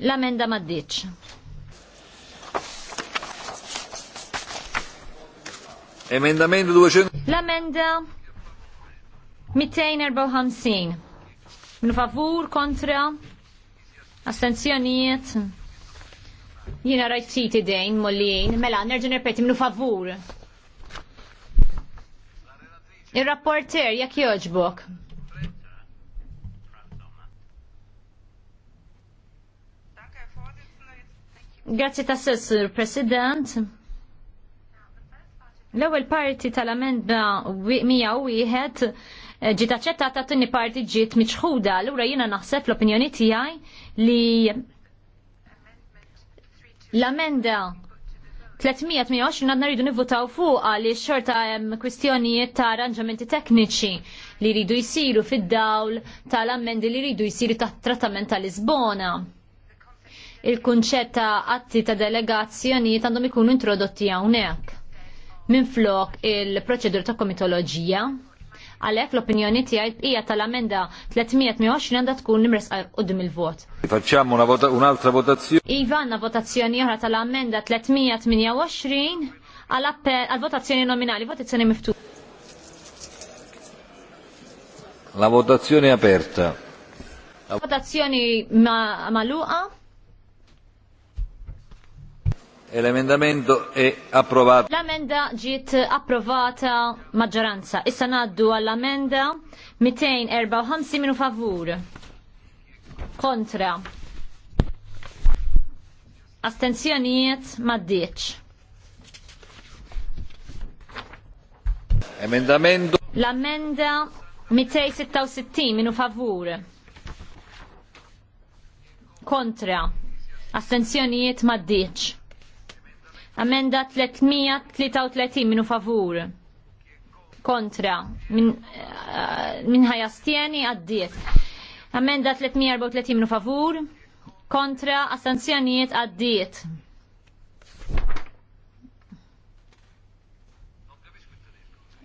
L-amenda maddiċ. Emendamentu 200. L-amenda 254. Minu favur, kontra, astenzjonijiet. Jina rajt dejn, mollin. Mela, nerġu nerpeti, minu favur. Il-rapporter, jak joġbok? Grazzi ta' sessur, President. L-ewwel parti tal-amenda 101 eh, ġiet aċċettata t parti ġiet miċħuda. Allura jiena naħseb l-opinjoni tiegħi li l-amenda 328 għandna rridu nivvotaw fuq li xorta hemm kwistjonijiet ta' arranġamenti tekniċi li rridu jsiru fid-dawl tal-ammendi li rridu jsiru tat trattament tal-Lisbona il-kunċett ta' atti ta' delegazzjonijiet għandhom ikunu introdotti hawnhekk. Minflok il-proċedur ta' komitoloġija, għalhekk l-opinjoni tiegħi ija tal-amenda 320 għandha tkun nimres qudiem il-vot. Facciamo un'altra votazzjoni. Iva għandna votazzjoni oħra tal-amenda 328 għal-votazzjoni nominali, votazzjoni miftu. La votazione è aperta. La votazione ma maluqa. L-emendamento è approvato. l ġiet approvata maġġoranza. Issa naddu għall amenda 254 minu favur. Kontra. Astenzjonijiet maddiċ. Emendamento. L-amenda 266 minu favur. Kontra. Astenzjonijiet maddiċ. Amenda 333 minu favur. Kontra. Min eh, ħajastieni għaddiet. Amenda 334 minu favur. Kontra astenzjonijiet għaddiet.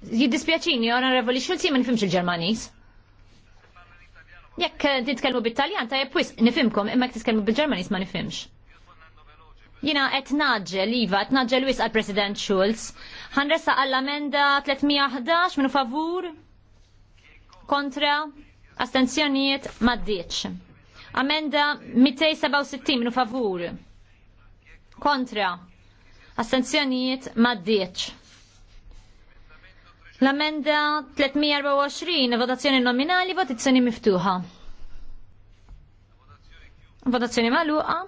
Jiddispjaċini, onorevoli xulti ma nifimx il-Ġermanis. Jekk titkellmu bit-Taljan, ta' jepwis, nifimkom, imma jek titkellmu bil-Ġermanis ma nifimx. Jina qed naġġel, Iva, qed naġġel wisq għall-President Schulz. Għanressa għall-amenda 311 minu favur kontra astenzjoniet, maddiċ. Amenda 267 minu favur kontra astenzjoniet, maddiċ. L-amenda 324 votazzjoni nominali, votazzjoni miftuħa. Votazzjoni maluqa.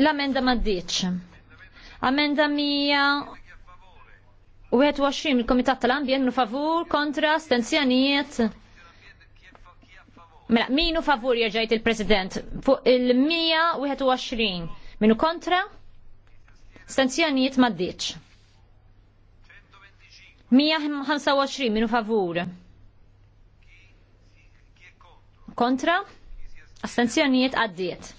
L-amenda maddiċ. Amenda mija 121 il-Komitat tal-Ambjent minu favur kontra stenzjanijiet. Mela, minu favur jirġajt il-President? Fuq il-121 minu kontra stenzjanijiet maddiċ. 125 minu favur. Kontra? Astenzjonijiet għaddiet.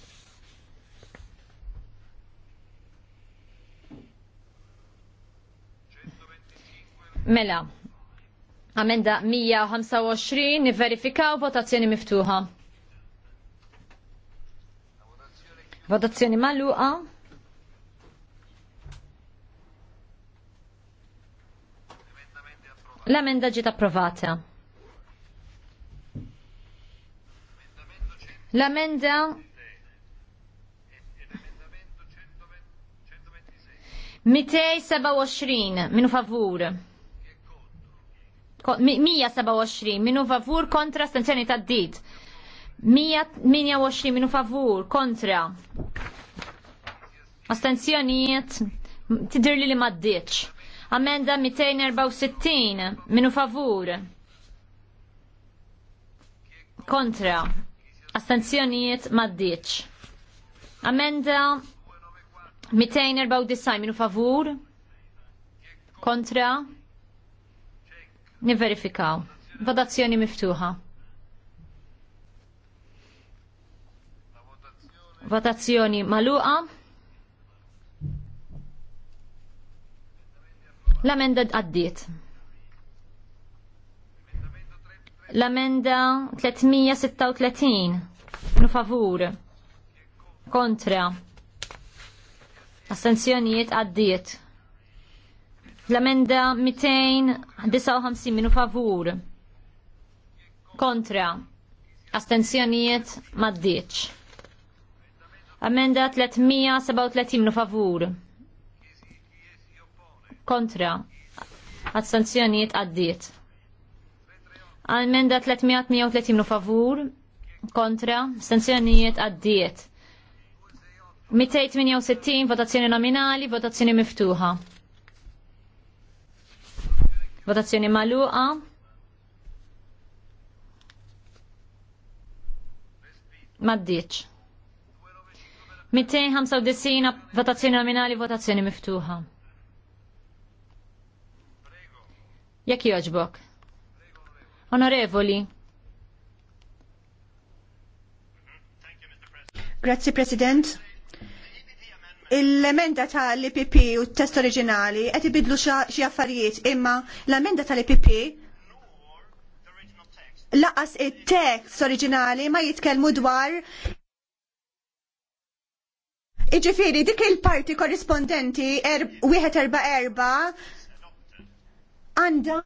Mela, amenda 125 niverifikaw votazzjoni miftuħa. Votazzjoni maluqa. L-amenda ġiet approvata. L-amenda Mitej 27 minu favur. 127 minu favur kontra stanzjoni ta' ddit. 128 minu favur kontra astenzjonijiet tidir li li maddiċ. Amenda 264 minu favur kontra astenzjonijiet maddiċ. Amenda 294 minu favur kontra Niverifikaw. Votazzjoni miftuħa. Votazzjoni maluqa. L-amenda għaddiet. L-amenda 336. Nufavur. favur. Kontra. Astenzjonijiet għaddiet. L-amenda 259 minu favur. Kontra. Astenzjonijiet maddiċ. Amenda 337 minu favur. Kontra. Astenzjonijiet għaddiet. Amenda 338 minu favur. Kontra. Astenzjonijiet għaddiet. 268 votazzjoni nominali, votazzjoni miftuħa. Votazzjoni maluqa. Maddiċ. 295 votazzjoni nominali, votazzjoni miftuħa. Jekk joġbok? Onorevoli. Grazie President l-emenda tal-IPP u t-test oriġinali qed ibidlu xi affarijiet imma l-emenda tal-IPP laqas it text oriġinali ma jitkellmu dwar Iġifiri, dik il-parti korrispondenti 144 er- għanda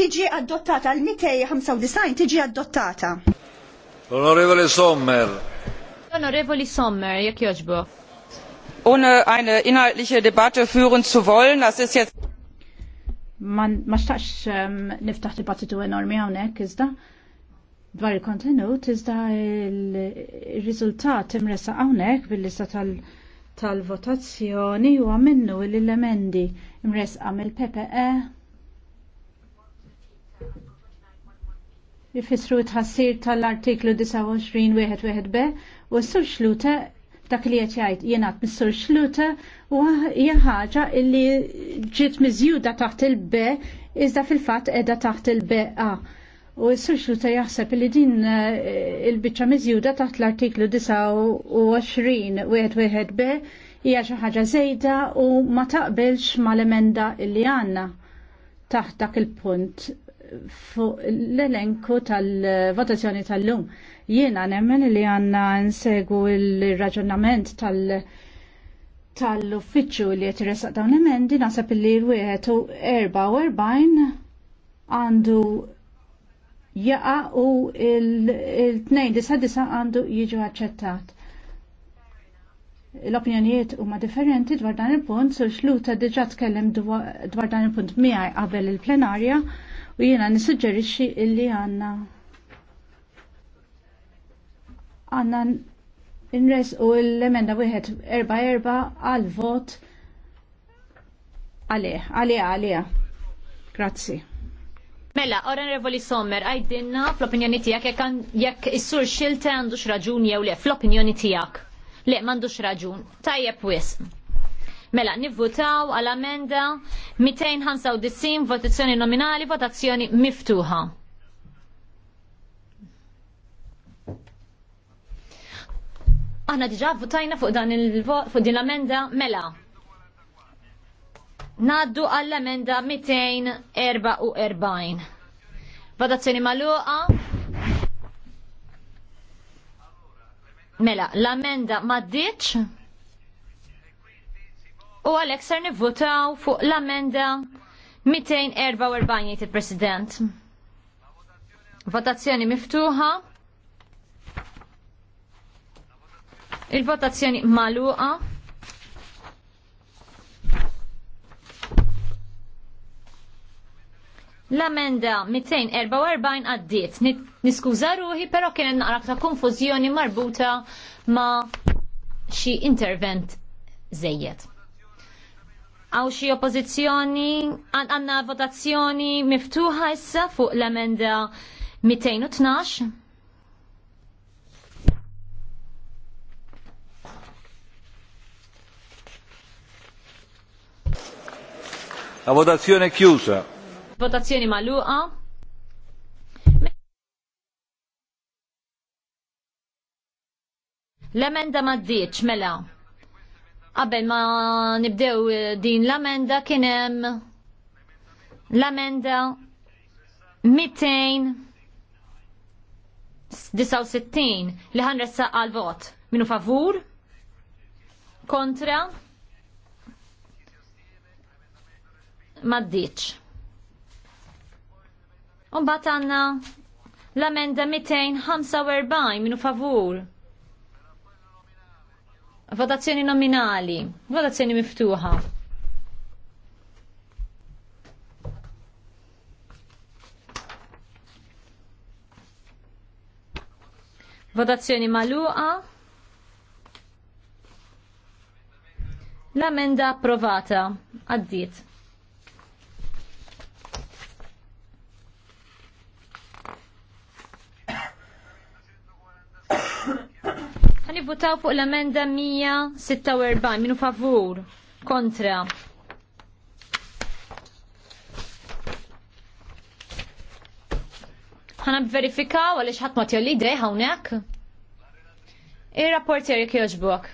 Tiġi adottata, l-295 tiġi adottata. Onorevole Sommer. Onorevoli Sommer, jekk joġbo. Ohne eine inhaltliche Debatte führen zu wollen, das ist jetzt Man ma xtaqx um, niftaħ debatte tu enormi għawnek, izda? dwar il-kontenut izda il rizultat imresa għawnek bil-lista tal- votazzjoni tal u għamennu l-emendi imresa għamil ppe jifisru tħassir tal-artiklu 29 b u s-sur xluta dak li jgħid jenat mis-sur xluta u jħagġa illi ġiet miżjuda taħt il-B iżda fil-fat edha taħt il-BA. U s-sur xluta jaħseb li din eh, il-bicċa miżjuda taħt l-artiklu 29 wieħed b hija xi ħaġa żejda u ma taqbilx mal-emenda illi għandna taħt dak il-punt fuq l-elenku tal-votazzjoni tal-lum. Jiena nemmen li għanna nsegu il-raġunament tal- tal-uffiċċju li qed iresaq dawn emendi naħseb li l-wieħed u erbajn għandu jaqa u l disa' disa għandu jiġu aċċettat l-opinjonijiet huma differenti dwar dan il-punt, so xluta diġa tkellem dwar dan il-punt miegħi qabel il-plenarja u jiena nisuġġerixxi illi għandna għandna inres u l-emenda wieħed erba' erba' għal vot għalih, għalih, għalih. Grazzi. Mela, onorevoli Sommer, għajdinna fl-opinjoni tijak jekk is-sur xilte għandux raġun jew le, fl-opinjoni tijak. Le, m'għandux raġun. Tajjeb wisq. Mela, nivvutaw għal-amenda 295 votazzjoni nominali, votazzjoni miftuħa. Aħna diġa votajna fuq dan fuq din l-amenda mela. Naddu għall-amenda 244. Votazzjoni maluqa. Mela, l-amenda ma' ditx u għalek ser nivvotaw fuq l-amenda 244 il-President. Votazzjoni miftuħa. Il-votazzjoni maluqa. L-amenda 244 għaddiet. Niskuża ruħi, però kien naqra ta' konfużjoni marbuta ma' xi intervent żejjed. Għaw xie oppozizjoni għanna votazzjoni miftuħa issa fuq l-emenda 212. La votazione è chiusa. Votazioni maluqa. L-emenda ma' mela. Qabel ma nibdew eh, din l-amenda kien hemm l-amenda 269 li ħanressa għal vot. Minu favur? Kontra? Maddiċ. bat għanna l-amenda 245 minu favur. Votazzjoni nominali. Votazzjoni miftuħa. Votazzjoni maluqa. L-amenda approvata. Addiet. nivvutaw fuq l-amenda 146 minu favur kontra. ħana verifikaw għalix ħat matja li dej hawnek. il rapport jek joġbok.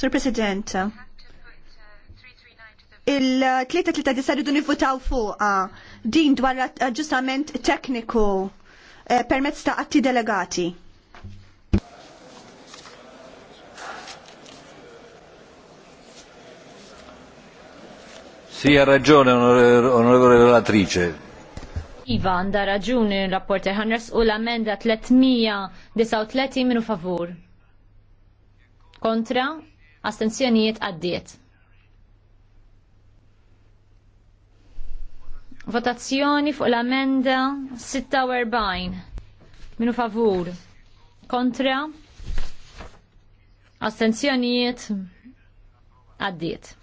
Sur President, il-339 ridu nivutaw fuqa din dwar ġustament tekniku Eh, permezz ta' atti delegati. Sì, ha ragione, onorevole relatrice. Iva, għanda raġuni rapporter e ħanres u l-amenda in favore. favur. Kontra, astenzjonijiet addiet. Votazzjoni fuq l-amenda 46. Minu favur. Kontra. Astenzjonijiet. Addiet.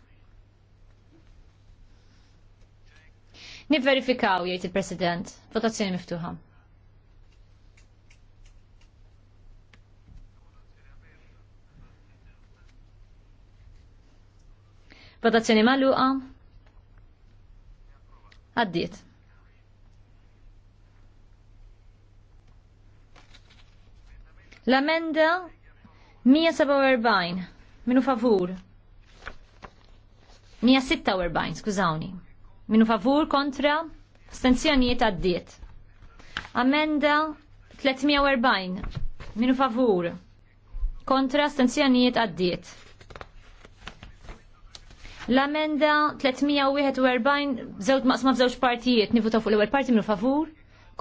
Nivverifikaw jgħid il-President. Votazzjoni miftuħa. Votazzjoni magħluqa. Għaddiet. L-amenda 147 minu favur. 146, skużawni. Minu favur kontra stenzjonijiet għaddiet. Amenda 340 minu favur kontra stenzjonijiet għaddiet. L-amenda 341 żewġ maqsma f'żewġ partijiet nifutaw fuq l-ewwel parti minn favur,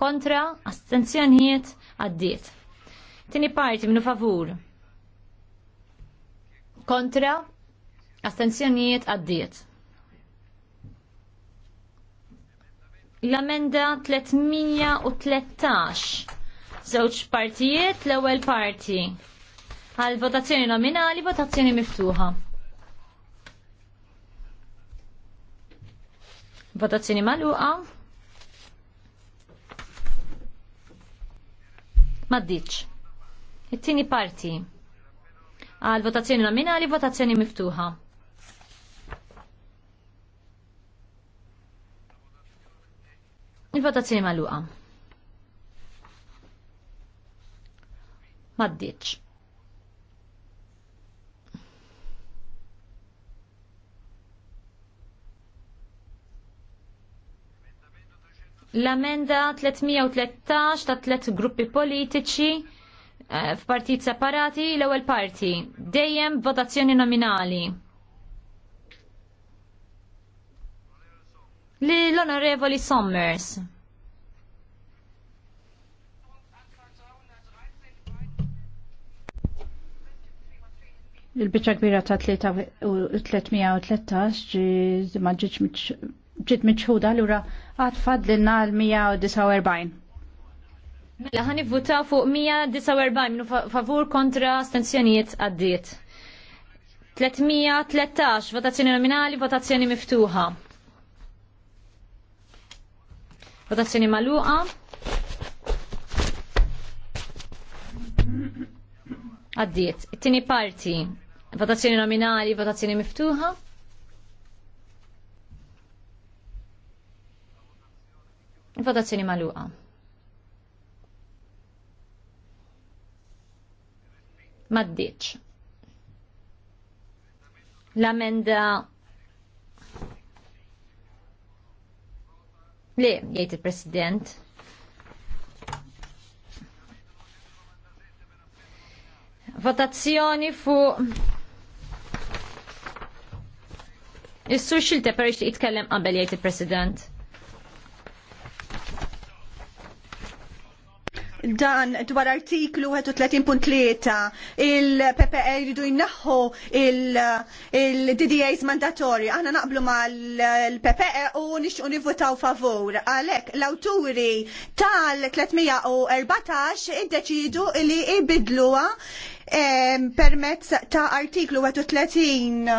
kontra, astenzjonijiet għaddiet. Tini parti minnu favur. Kontra, astenzjonijiet għaddiet. L-amenda 313 żewġ partijiet l-ewwel parti għal votazzjoni nominali, votazzjoni miftuħa. Votazzjoni maluqa. Maddiċ. It-tieni parti. Għal votazzjoni nominali, votazzjoni miftuħa. Il-votazzjoni maluqa. Maddiċ. L-amenda 313 ta' tlet gruppi politiċi eh, f'partit separati l-ewwel parti dejjem votazzjoni nominali. Li l-Onorevoli Sommers. Il-bicċa kbira ta' 313 ġi maġġiċ ġit miċħuda l-ura għad fadlinna l-149. Mela ħan votaw fuq 149 minu favur kontra astenzjonijiet għaddiet. 313 votazzjoni nominali, votazzjoni miftuħa. Votazzjoni maluqa. Għaddiet. It-tieni parti, votazzjoni nominali, votazzjoni miftuħa. Votazzjoni maluqa. Maddiċ. L-amenda Le, jgħid il-President. Votazzjoni fu. Is-sur xilte per jitkellem qabel jgħid il-President. dan dwar artiklu 31.3 il-PPE jridu jnaħħu il-DDAs mandatorji. Aħna naqblu mal ppa u nixqu nivvotaw favur. Għalek, l-awturi tal-314 iddeċidu li ibidluwa permezz ta' artiklu 31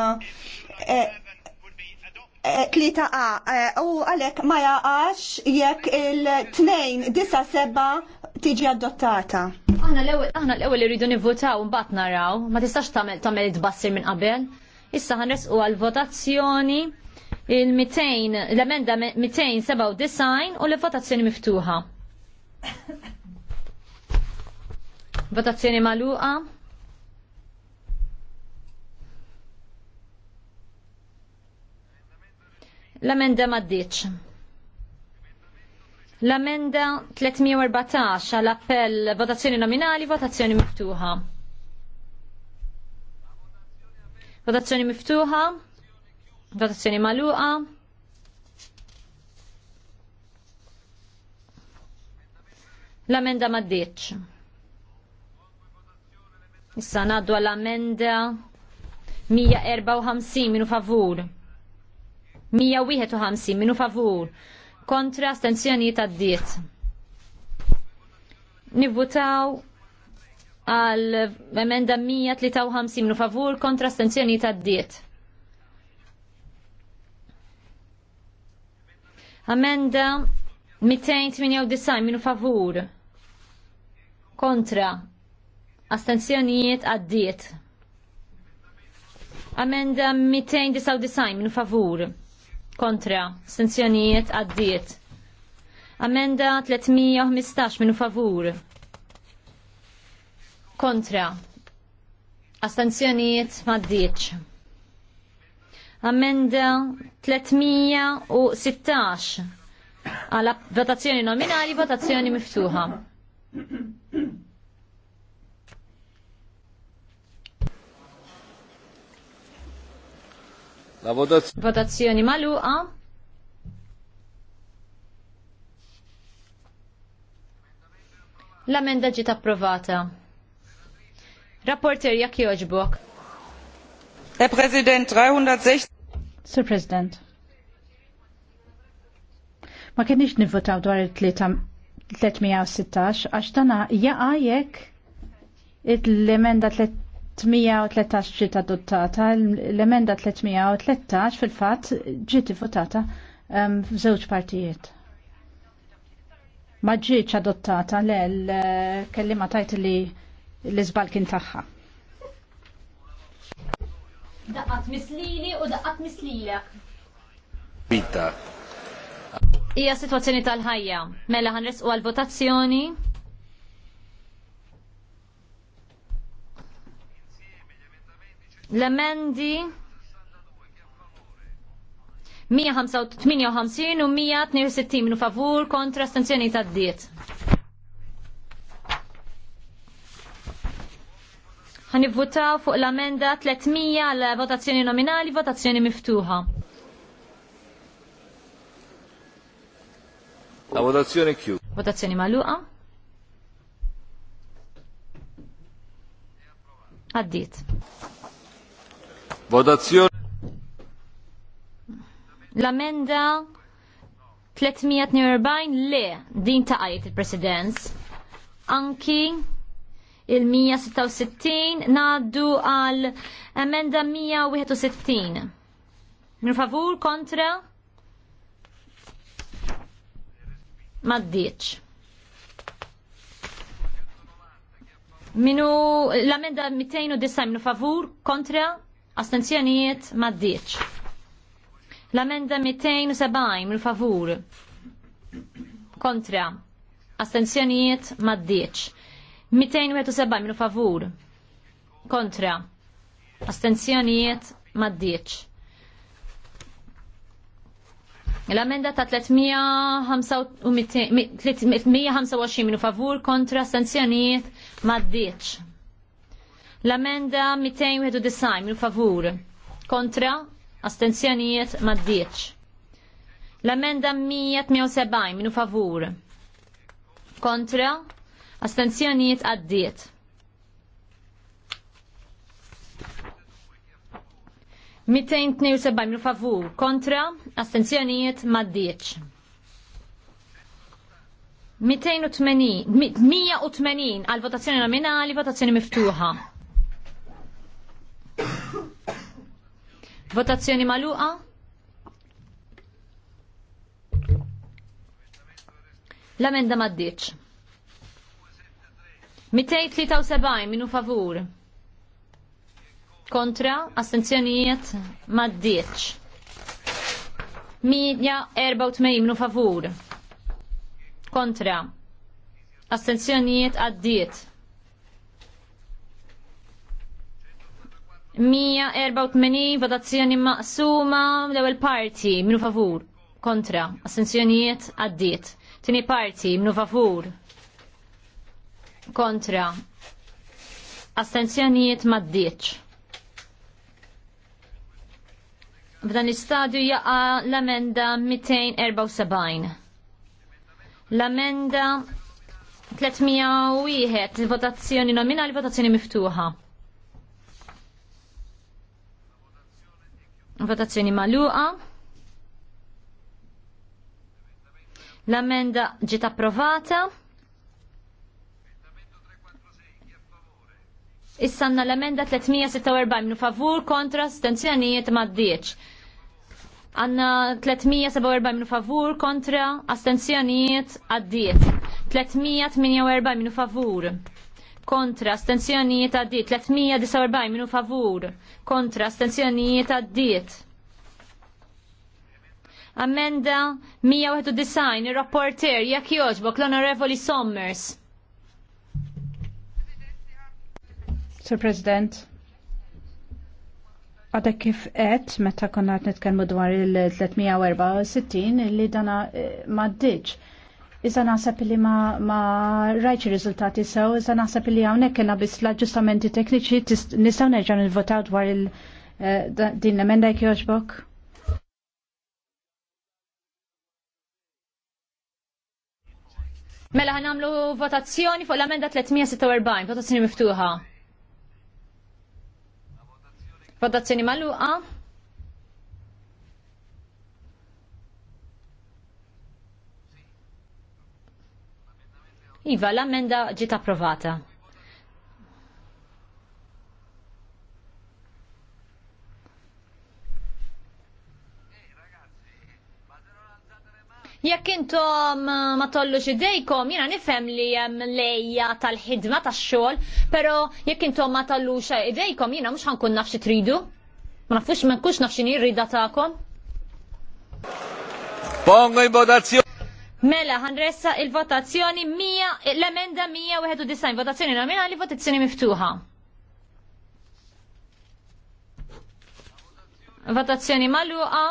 Klita eh, eh, A eh, u għalek ma jaqax jekk il-2 disa 7 tiġi adottata. Aħna l-ewwel aħna l-ewwel irridu mbagħad naraw, ma tistax tagħmel tagħmel tbassir minn qabel. Issa ħanresqu għal votazzjoni il-200 l-emenda 297 u l-votazzjoni miftuħa. Votazzjoni magħluqa. L-emenda ma' L-amenda 314 għal appell votazzjoni nominali, votazzjoni miftuħa. Votazzjoni miftuħa, votazzjoni maluqa. L-amenda maddiċ. Issa naddu għall-amenda 154 minu favur. 151 minu favur kontra astenzjonijiet għaddiet. Nivvutaw għal emenda 153 minu favur kontra astenzjonijiet għaddiet. Amenda 298 minu favur kontra astenzjonijiet għaddiet. Amenda 299 minu favur kontra sanzjonijiet għaddiet. Amenda 315 minu favur kontra astenzjonijiet maddiċ. Amenda 316 għala votazzjoni nominali, votazzjoni miftuħa. La votazzjoni. Votazzjoni maluqa. L-amenda ġiet approvata. Rapporter jak joġbok. Herr 360. Sir President. Ma kienix nivvotaw dwar il-316 għax dana jaqa jekk l-emenda 3 313 ġiet adottata, l-emenda 313 fil-fatt ġiet votata ehm, f'żewġ partijiet. Ma ġietx adottata le l-kellima tajt li l-iżbal kien tagħha. Daqqat mislili u daqqat mislila. Vita. Hija situazzjoni tal-ħajja. Mela ħanresqu għal-votazzjoni. L-emendi 158 u 162 minu favur kontra stanzjoni ta' diet. votaw fuq l-amenda 300 għal votazzjoni nominali, votazzjoni miftuħa. La votazzjoni Q. Votazzjoni maluqa. Għaddit. Votazzjoni. L-amenda 342 le din għajt il-President. Anki il-166 naddu għal emenda 161. Mir favur kontra? Maddiċ. Minu l-amenda 209 minu favur kontra? Astenzjonijiet maddiċ. L-amenda 270 mil-favur. Kontra. Astenzjonijiet maddiċ. 271 mil-favur. Kontra. Astenzjonijiet maddiċ. L-amenda ta' 325 minu favur kontra sanzjonijiet maddiċ. L-amenda 291 minn favur kontra astenzjonijiet maddiċ. L-amenda 178 minu favur. Kontra, astenzjonijiet għaddiet. Mitejn minu favur. Kontra, astenzjonijiet maddiċ. u 180 għal votazzjoni nominali, votazzjoni miftuħa. Votazzjoni maluqa? L-amenda maddiċ. 273 minu favur. Kontra, astenzjonijiet maddiċ. 184 minu favur. Kontra, astenzjonijiet għaddiet. 184 votazzjoni maqsuma l-ewwel parti minu favur kontra assenzjonijiet għaddiet. Tini parti minu favur kontra assenzjonijiet maddiċ. F'dan l-istadju jaqa l-amenda 274. L-amenda 301 votazzjoni nominali, votazzjoni miftuħa. Votazzjoni maluqa. L-amenda ġiet approvata. Issanna l-emenda 346 minu favur kontra astenzjonijiet ma' 10. Għanna 347 minu favur kontra astenzjonijiet għaddiet. 348 minu favur kontra astenzjonijiet għaddiet 349 minu favur kontra astenzjonijiet għaddiet. Amenda 191 il-rapporter jak joġbok l-Onorevoli Sommers. Sir President, għadek kif qed meta konna qed nitkellmu dwar il-364 li dana eh, maddiċ Iżda naħseb li ma, ma rajċ il-rizultati sew, iżda naħseb li għawnek kena bis l-ġustamenti tekniċi nistaw neġan il-votaw dwar il- eh, din l-emenda jkjoġbok. Mela għamlu votazzjoni fuq l-amenda 346, votazzjoni miftuħa. Votazzjoni maluqa. Iva, l-ammenda ġiet approvata. Jekk intom eh, ma tollux idejkom, jiena nifhem li hemm lejja tal-ħidma tax-xogħol, però jekk intom ma tollux idejkom jiena mhux ħankun naf xi tridu. Ma nafux ma nkunx nafx x'inhi tagħkom. Pongo in votazione. Mela, ħanressa il-votazzjoni l-emenda 191, votazzjoni nominali, votazzjoni miftuħa. Votazzjoni maluqa.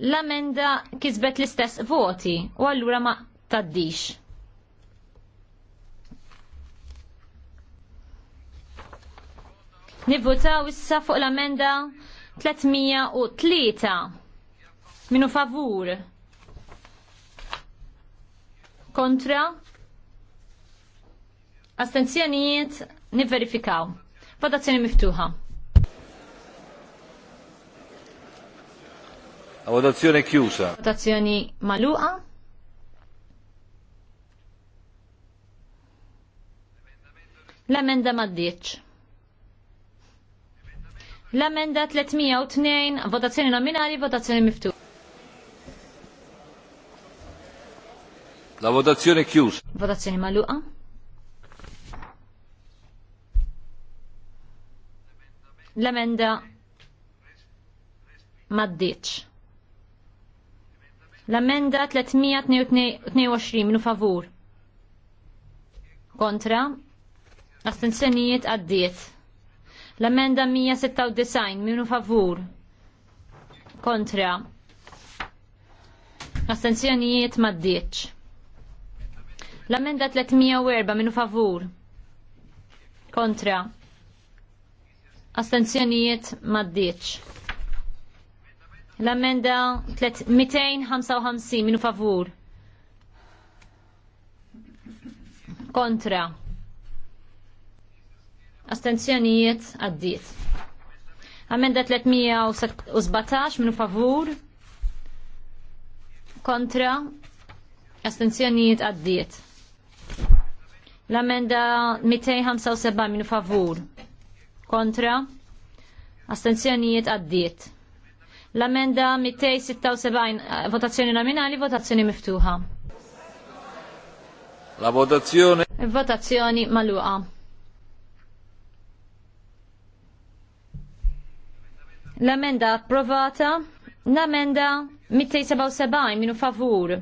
L-amenda kisbet l-istess voti u allura ma taddix. Nivvotaw issa fuq l-amenda 303. Minu favur. Kontra. Astenzjonijiet nivverifikaw. Votazzjoni miftuħa. Votazzjoni chiusa. Votazzjoni Malua. L-emenda L-emenda 302, votazzjoni nominali, votazzjoni miftu. La votazzjoni chiusa. Votazzjoni maluqa. L-emenda maddiċ. l amenda 322 minu favur. Kontra. Astenzjonijiet għaddiet. L-emenda 196 minu favur kontra astenzjonijiet maddiċ. L-emenda 304 minu favur kontra astenzjonijiet maddiċ. L-emenda 255 minu favur kontra Astenzjonijiet għaddiet. Amenda 317 minu favur. Kontra. Astenzjonijiet għaddiet. L-amenda 275 minu favur. Kontra. Astenzjonijiet għaddiet. L-amenda 276 votazzjoni nominali, votazzjoni miftuħa. La votazzjoni. Votazzjoni maluqa. L-amenda approvata. L-amenda 277 minu favur.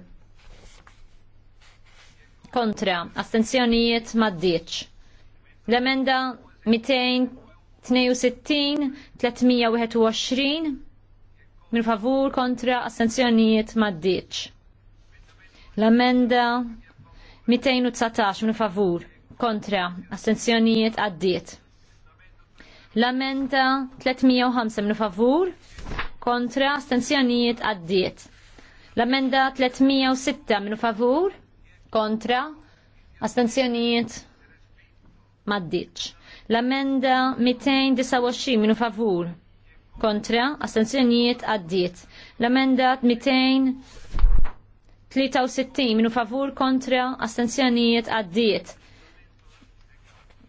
Kontra. Astenzjonijiet maddiċ. L-amenda 262, 321 minu favur kontra astenzjonijiet maddiċ. L-amenda 219 minu favur kontra astenzjonijiet għaddiet. L-amenda 305 minu favur kontra astenzjonijiet għaddiet. L-amenda 306 minu favur kontra astenzjonijiet maddiċ. L-amenda 229 minu favur kontra astenzjonijiet għaddiet. L-amenda 263 minu favur kontra astenzjonijiet għaddiet.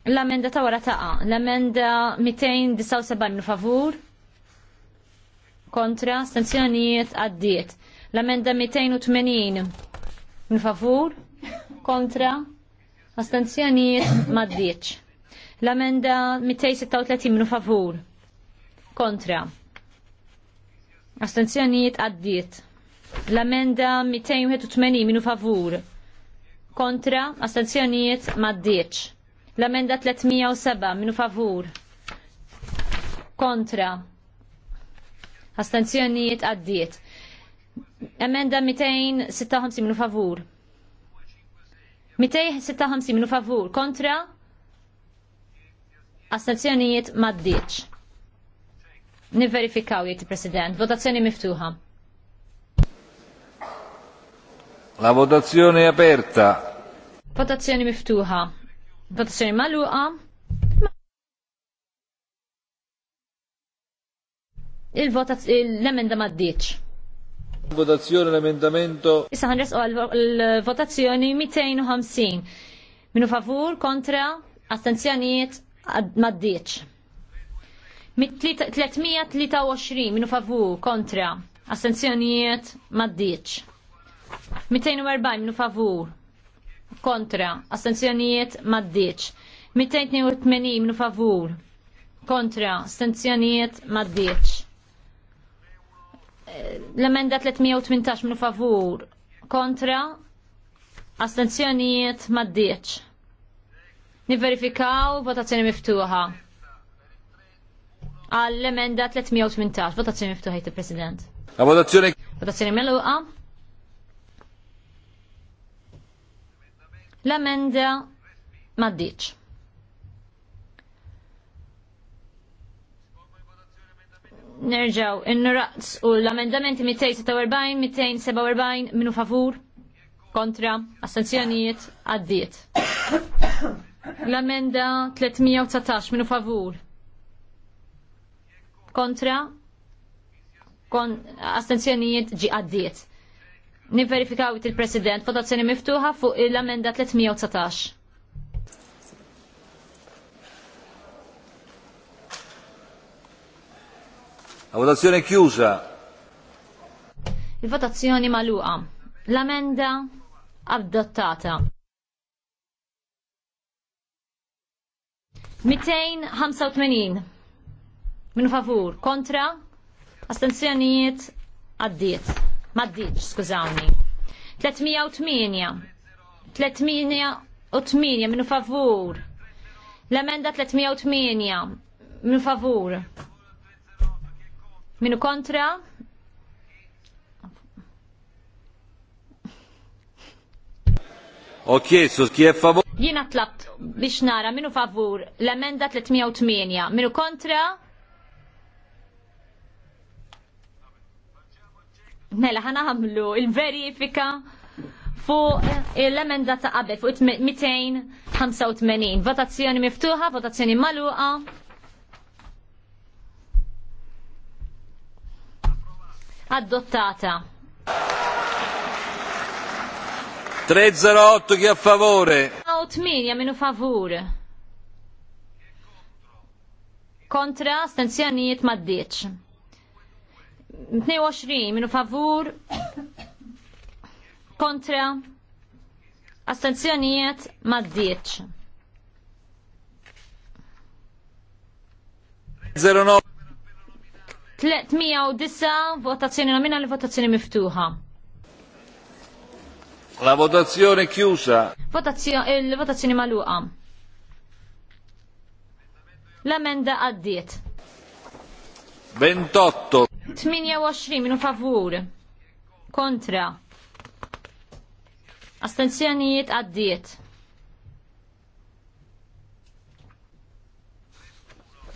L-amenda ta' wara taqa. L-amenda 279 favur. Kontra. Stanzjonijiet għaddiet. L-amenda 280 min favur. Kontra. Astanzjonijiet maddiet. L-amenda 236 minu favur. Kontra. Astanzjonijiet għaddiet. L-amenda 281 minu favur. Kontra. Astanzjonijiet maddiet. L-emenda 307 minu favur. Kontra. Astenzjonijiet għaddiet. Emenda 256 minu favur. 256 minu favur. Kontra. Astenzjonijiet maddiċ. Niverifikaw jieti President. Votazzjoni miftuħa. La votazzjoni aperta. Votazzjoni miftuħa. Votazzjoni maluqa. Il-emenda maddiċ. Votazzjoni l-emendamento. Issa ħanres l-votazzjoni 250. Minu favur, kontra, astenzjoniet, maddiċ. 323 minu favur, kontra, astenzjoniet, maddiċ. 240 minu favur, kontra, astenzjonijiet maddiċ. 282 minu favur, kontra, astenzjonijiet maddiċ. Eh, l-emenda 318 minu favur, kontra, astenzjonijiet maddiċ. Niverifikaw votazzjoni miftuħa. Għall-emenda 318, votazzjoni miftuħa jt-President. La votazzjoni. Votazzjoni meluqa. L-amenda maddiċ. Nerġaw, in-nuraqs u l-amendamenti 246, 247 minu favur, kontra, assenzjonijiet, għaddiet. L-amenda 319 minu favur, kontra, kon, astenzjonijiet ġi għaddiet. Niverifikaw il-President, votazzjoni miftuħa fuq l-amenda 319. La votazzjoni chiusa. Il-votazzjoni malua. L-amenda adottata. 285 Min favur kontra astenzjonijiet Addiet maddiċ, skużawni. 308, 308 minu favur. L-emenda 308 minu favur. Minu kontra? Ho chiesto chi è favore. Jiena tlabt biex nara minu favur l-emenda 308, minu kontra? Mela ħana għamlu il-verifika fuq l-emenda ta' qabel fuq 285. Votazzjoni miftuħa, votazzjoni maluqa. Adottata. 308 chi a favore? 8 minu favur. Kontra, stenzjonijiet maddiċ. 22 minu favur kontra astenzjonijiet maddieċ. 309 votazzjoni nominali, votazzjoni miftuħa. La votazione chiusa. Votazione, il votazione maluqa. L-emenda għaddiet. 28. 28 minu favur. Kontra. Astenzjonijiet għaddiet.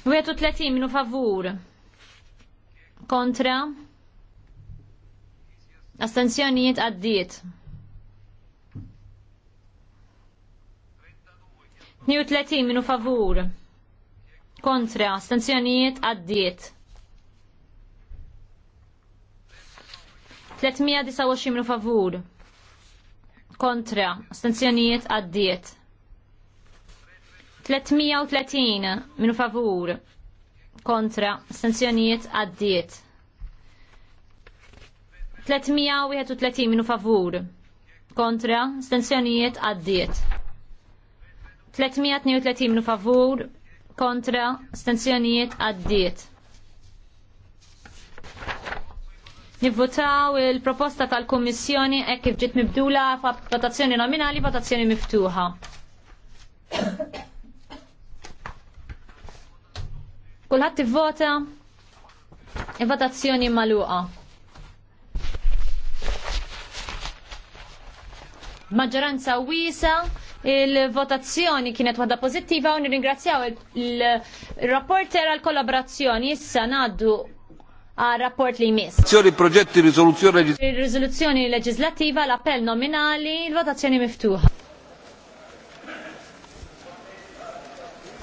Wietu tletin minu favur. Kontra. Astenzjonijiet għaddiet. 32 minu favur. Kontra. Astenzjonijiet għaddiet. 329 minu favur. Kontra. Astenzjonijiet għaddiet. 330 minu favur. Kontra. Astenzjonijiet għaddiet. 331 minu favur. Kontra. Astenzjonijiet għaddiet. 332 minu favur. Kontra. Astenzjonijiet għaddiet. Nivvotaw il-proposta tal-Kommissjoni hekk kif ġiet mibdula votazzjoni nominali, votazzjoni miftuħa. Kulħadd ivvota e votazzjoni magħluqa. maġġoranza wiesa il-votazzjoni kienet waħda pożittiva u nirringrazzjaw il-rapporter għal kollaborazzjoni issa ngħaddu għal rapport li jmiss. Azzjoni proġetti risoluzzjoni legislativa. Risoluzzjoni legislativa, l-appell nominali, l-votazzjoni miftuħa.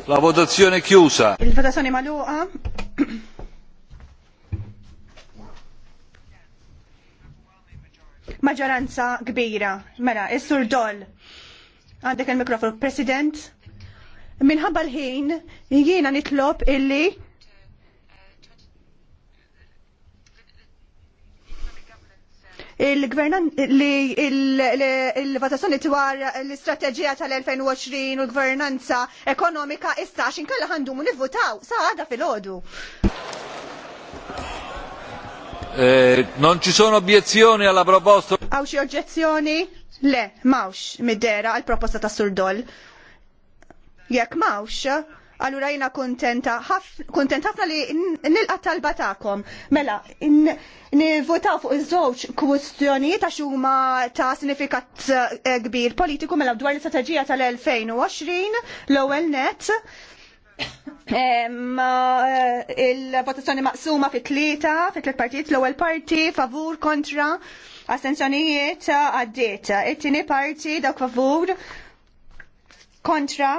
La votazione chiusa. Il votazione maluqa. Maġġoranza kbira. Mela, is-sur Doll. Għandek il-mikrofon, President. Minħabba l-ħin jiena nitlob illi il-votazzjoni li il dwar l-istrateġija tal-2020 u l-gvernanza ekonomika istax inkella ħandumu nivvutaw sa għada fil-ħodu. Eh, non ci sono obiezioni alla proposta? Għaw xi oġġezzjoni? Le, mawx middera għal proposta ta' Surdol. Jekk mawx, Allura jina kontenta, kontenta ħafna li nilqa talba ta'kom. Mela, nivvotaw fuq iż-żewġ kwistjonijiet għax huma ta' sinifikat eh, kbir politiku mela dwar l-istrateġija tal-2020 l-ewwel net eh, il-votazzjoni maqsuma fi tlieta, fi tliet partijiet, l-ewwel parti favur kontra astenzjonijiet għaddiet. It-tieni parti dawk favur kontra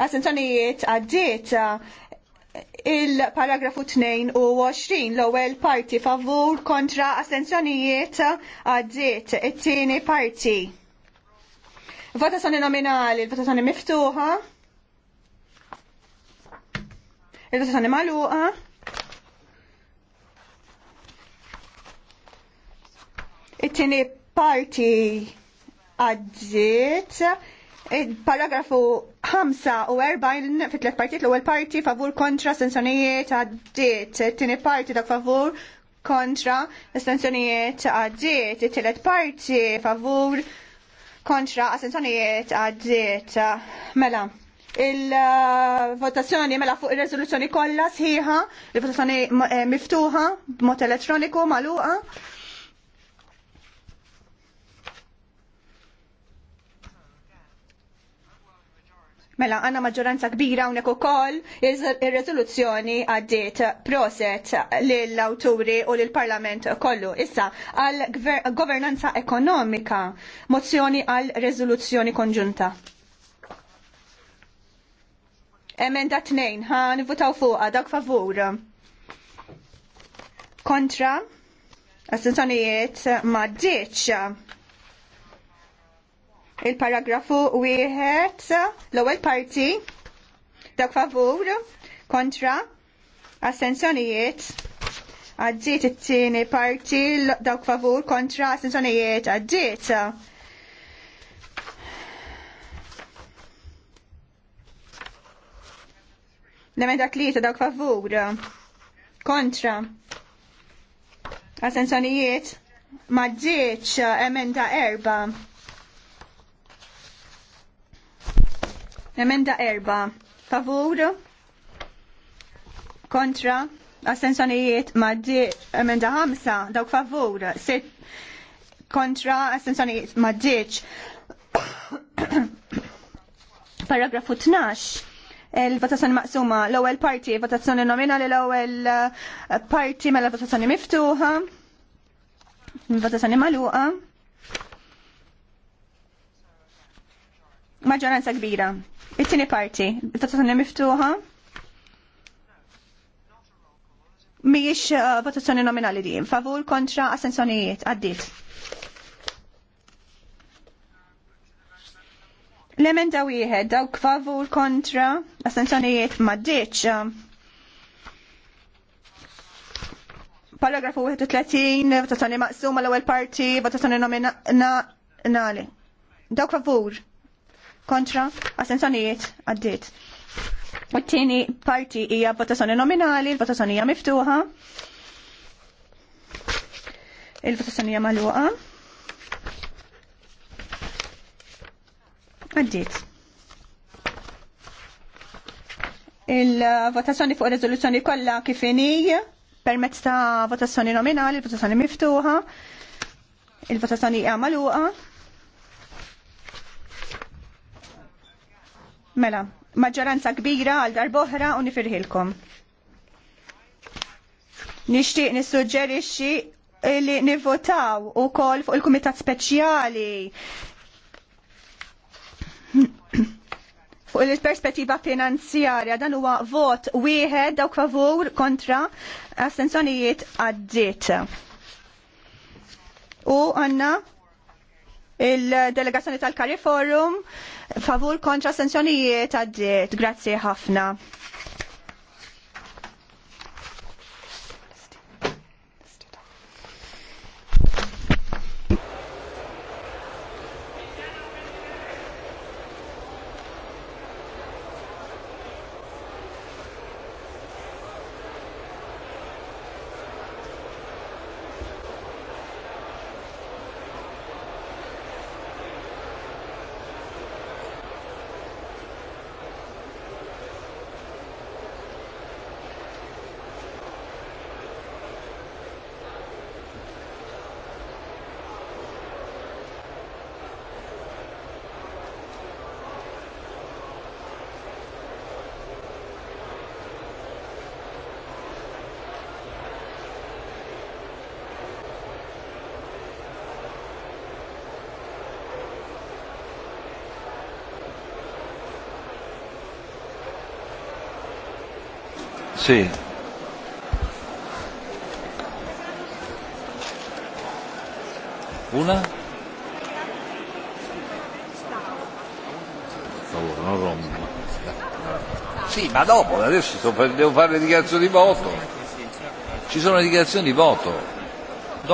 Assenzjonijiet għaddiet eh, il-paragrafu 22 l-ewwel parti favur kontra astenzjonijiet għaddiet it-tieni parti. Votazzjoni nominali, votazzjoni miftuħa. Il-votazzjoni magħluqa. It-tieni parti għaddiet. Il-paragrafu erbajn fit tlet partijiet l-ewwel parti favur kontra sensjonijiet għaddiet, it-tieni parti dak favur kontra sensjonijiet għaddiet, it-tielet parti favur kontra sensjonijiet għaddiet. Mela, il-votazzjoni mela fuq ir-reżoluzzjoni kollha sħiħa, il-votazzjoni eh, miftuħa b'mod elettroniku magħluqa. Mela għanna maġġoranza kbira unek u koll il-rezoluzzjoni għaddit proset l-awturi u l-parlament kollu. Issa għal governanza ekonomika, mozzjoni għal rezoluzzjoni konġunta emenda tnejn, ha votaw fuqa, dak favur. Kontra, astenzjonijiet ma' il-paragrafu wieħed l-ewwel parti dak favur kontra assenzjonijiet għaddiet it-tieni parti dawk favur kontra assenzjonijiet għaddiet. Nemmen dak li dawk favur kontra assenzjonijiet ma ġietx emenda erba' Emenda erba. Favur. Kontra. Assenzjonijiet ma di emenda ħamsa. Dawk favur. sit Kontra. Assenzjonijiet ma diċ. Paragrafu 12 il-votazzjoni maqsuma l-ewwel parti votazzjoni nominali l-ewwel eh, parti mela votazzjoni miftuħa votazzjoni magħluqa maġġoranza kbira It-tieni parti, votazzjoni miftuħa. Miex uh, votazzjoni nominali din. Favur kontra assenzjonijiet. Għaddit. L-emenda wieħed dawk favur kontra assenzjonijiet ma ddiċ. Paragrafu 31, votazzjoni maqsuma l-ewwel parti, votazzjoni nominali. Dawk favur kontra assenzjonijiet għaddiet. U t-tieni parti hija votazzjoni nominali, l-votazzjoni hija miftuħa. Il-votazzjoni hija magħluqa. Għaddit. Il-votazzjoni fuq ir-riżoluzzjoni kollha kif inhi permezz ta' votazzjoni nominali, l votazzjoni miftuħa, il-votazzjoni hija magħluqa. Mela, maġġoranza kbira għal darboħra u nifirħilkom. Nixtieq nissuġġerixxi li nivvotaw ukoll fuq il-Kumitat Speċjali fuq il-perspettiva finanzjarja dan huwa vot wieħed dawk favur kontra astenzjonijiet għaddiet. U għanna il-delegazzjoni tal-Kariforum Forum favur kontra sanzjonijiet għaddiet. Grazzi ħafna. Sì. Una? Favore, non rompo. Sì, ma dopo, adesso devo fare le dichiarazioni di voto. Ci sono le dichiarazioni di voto.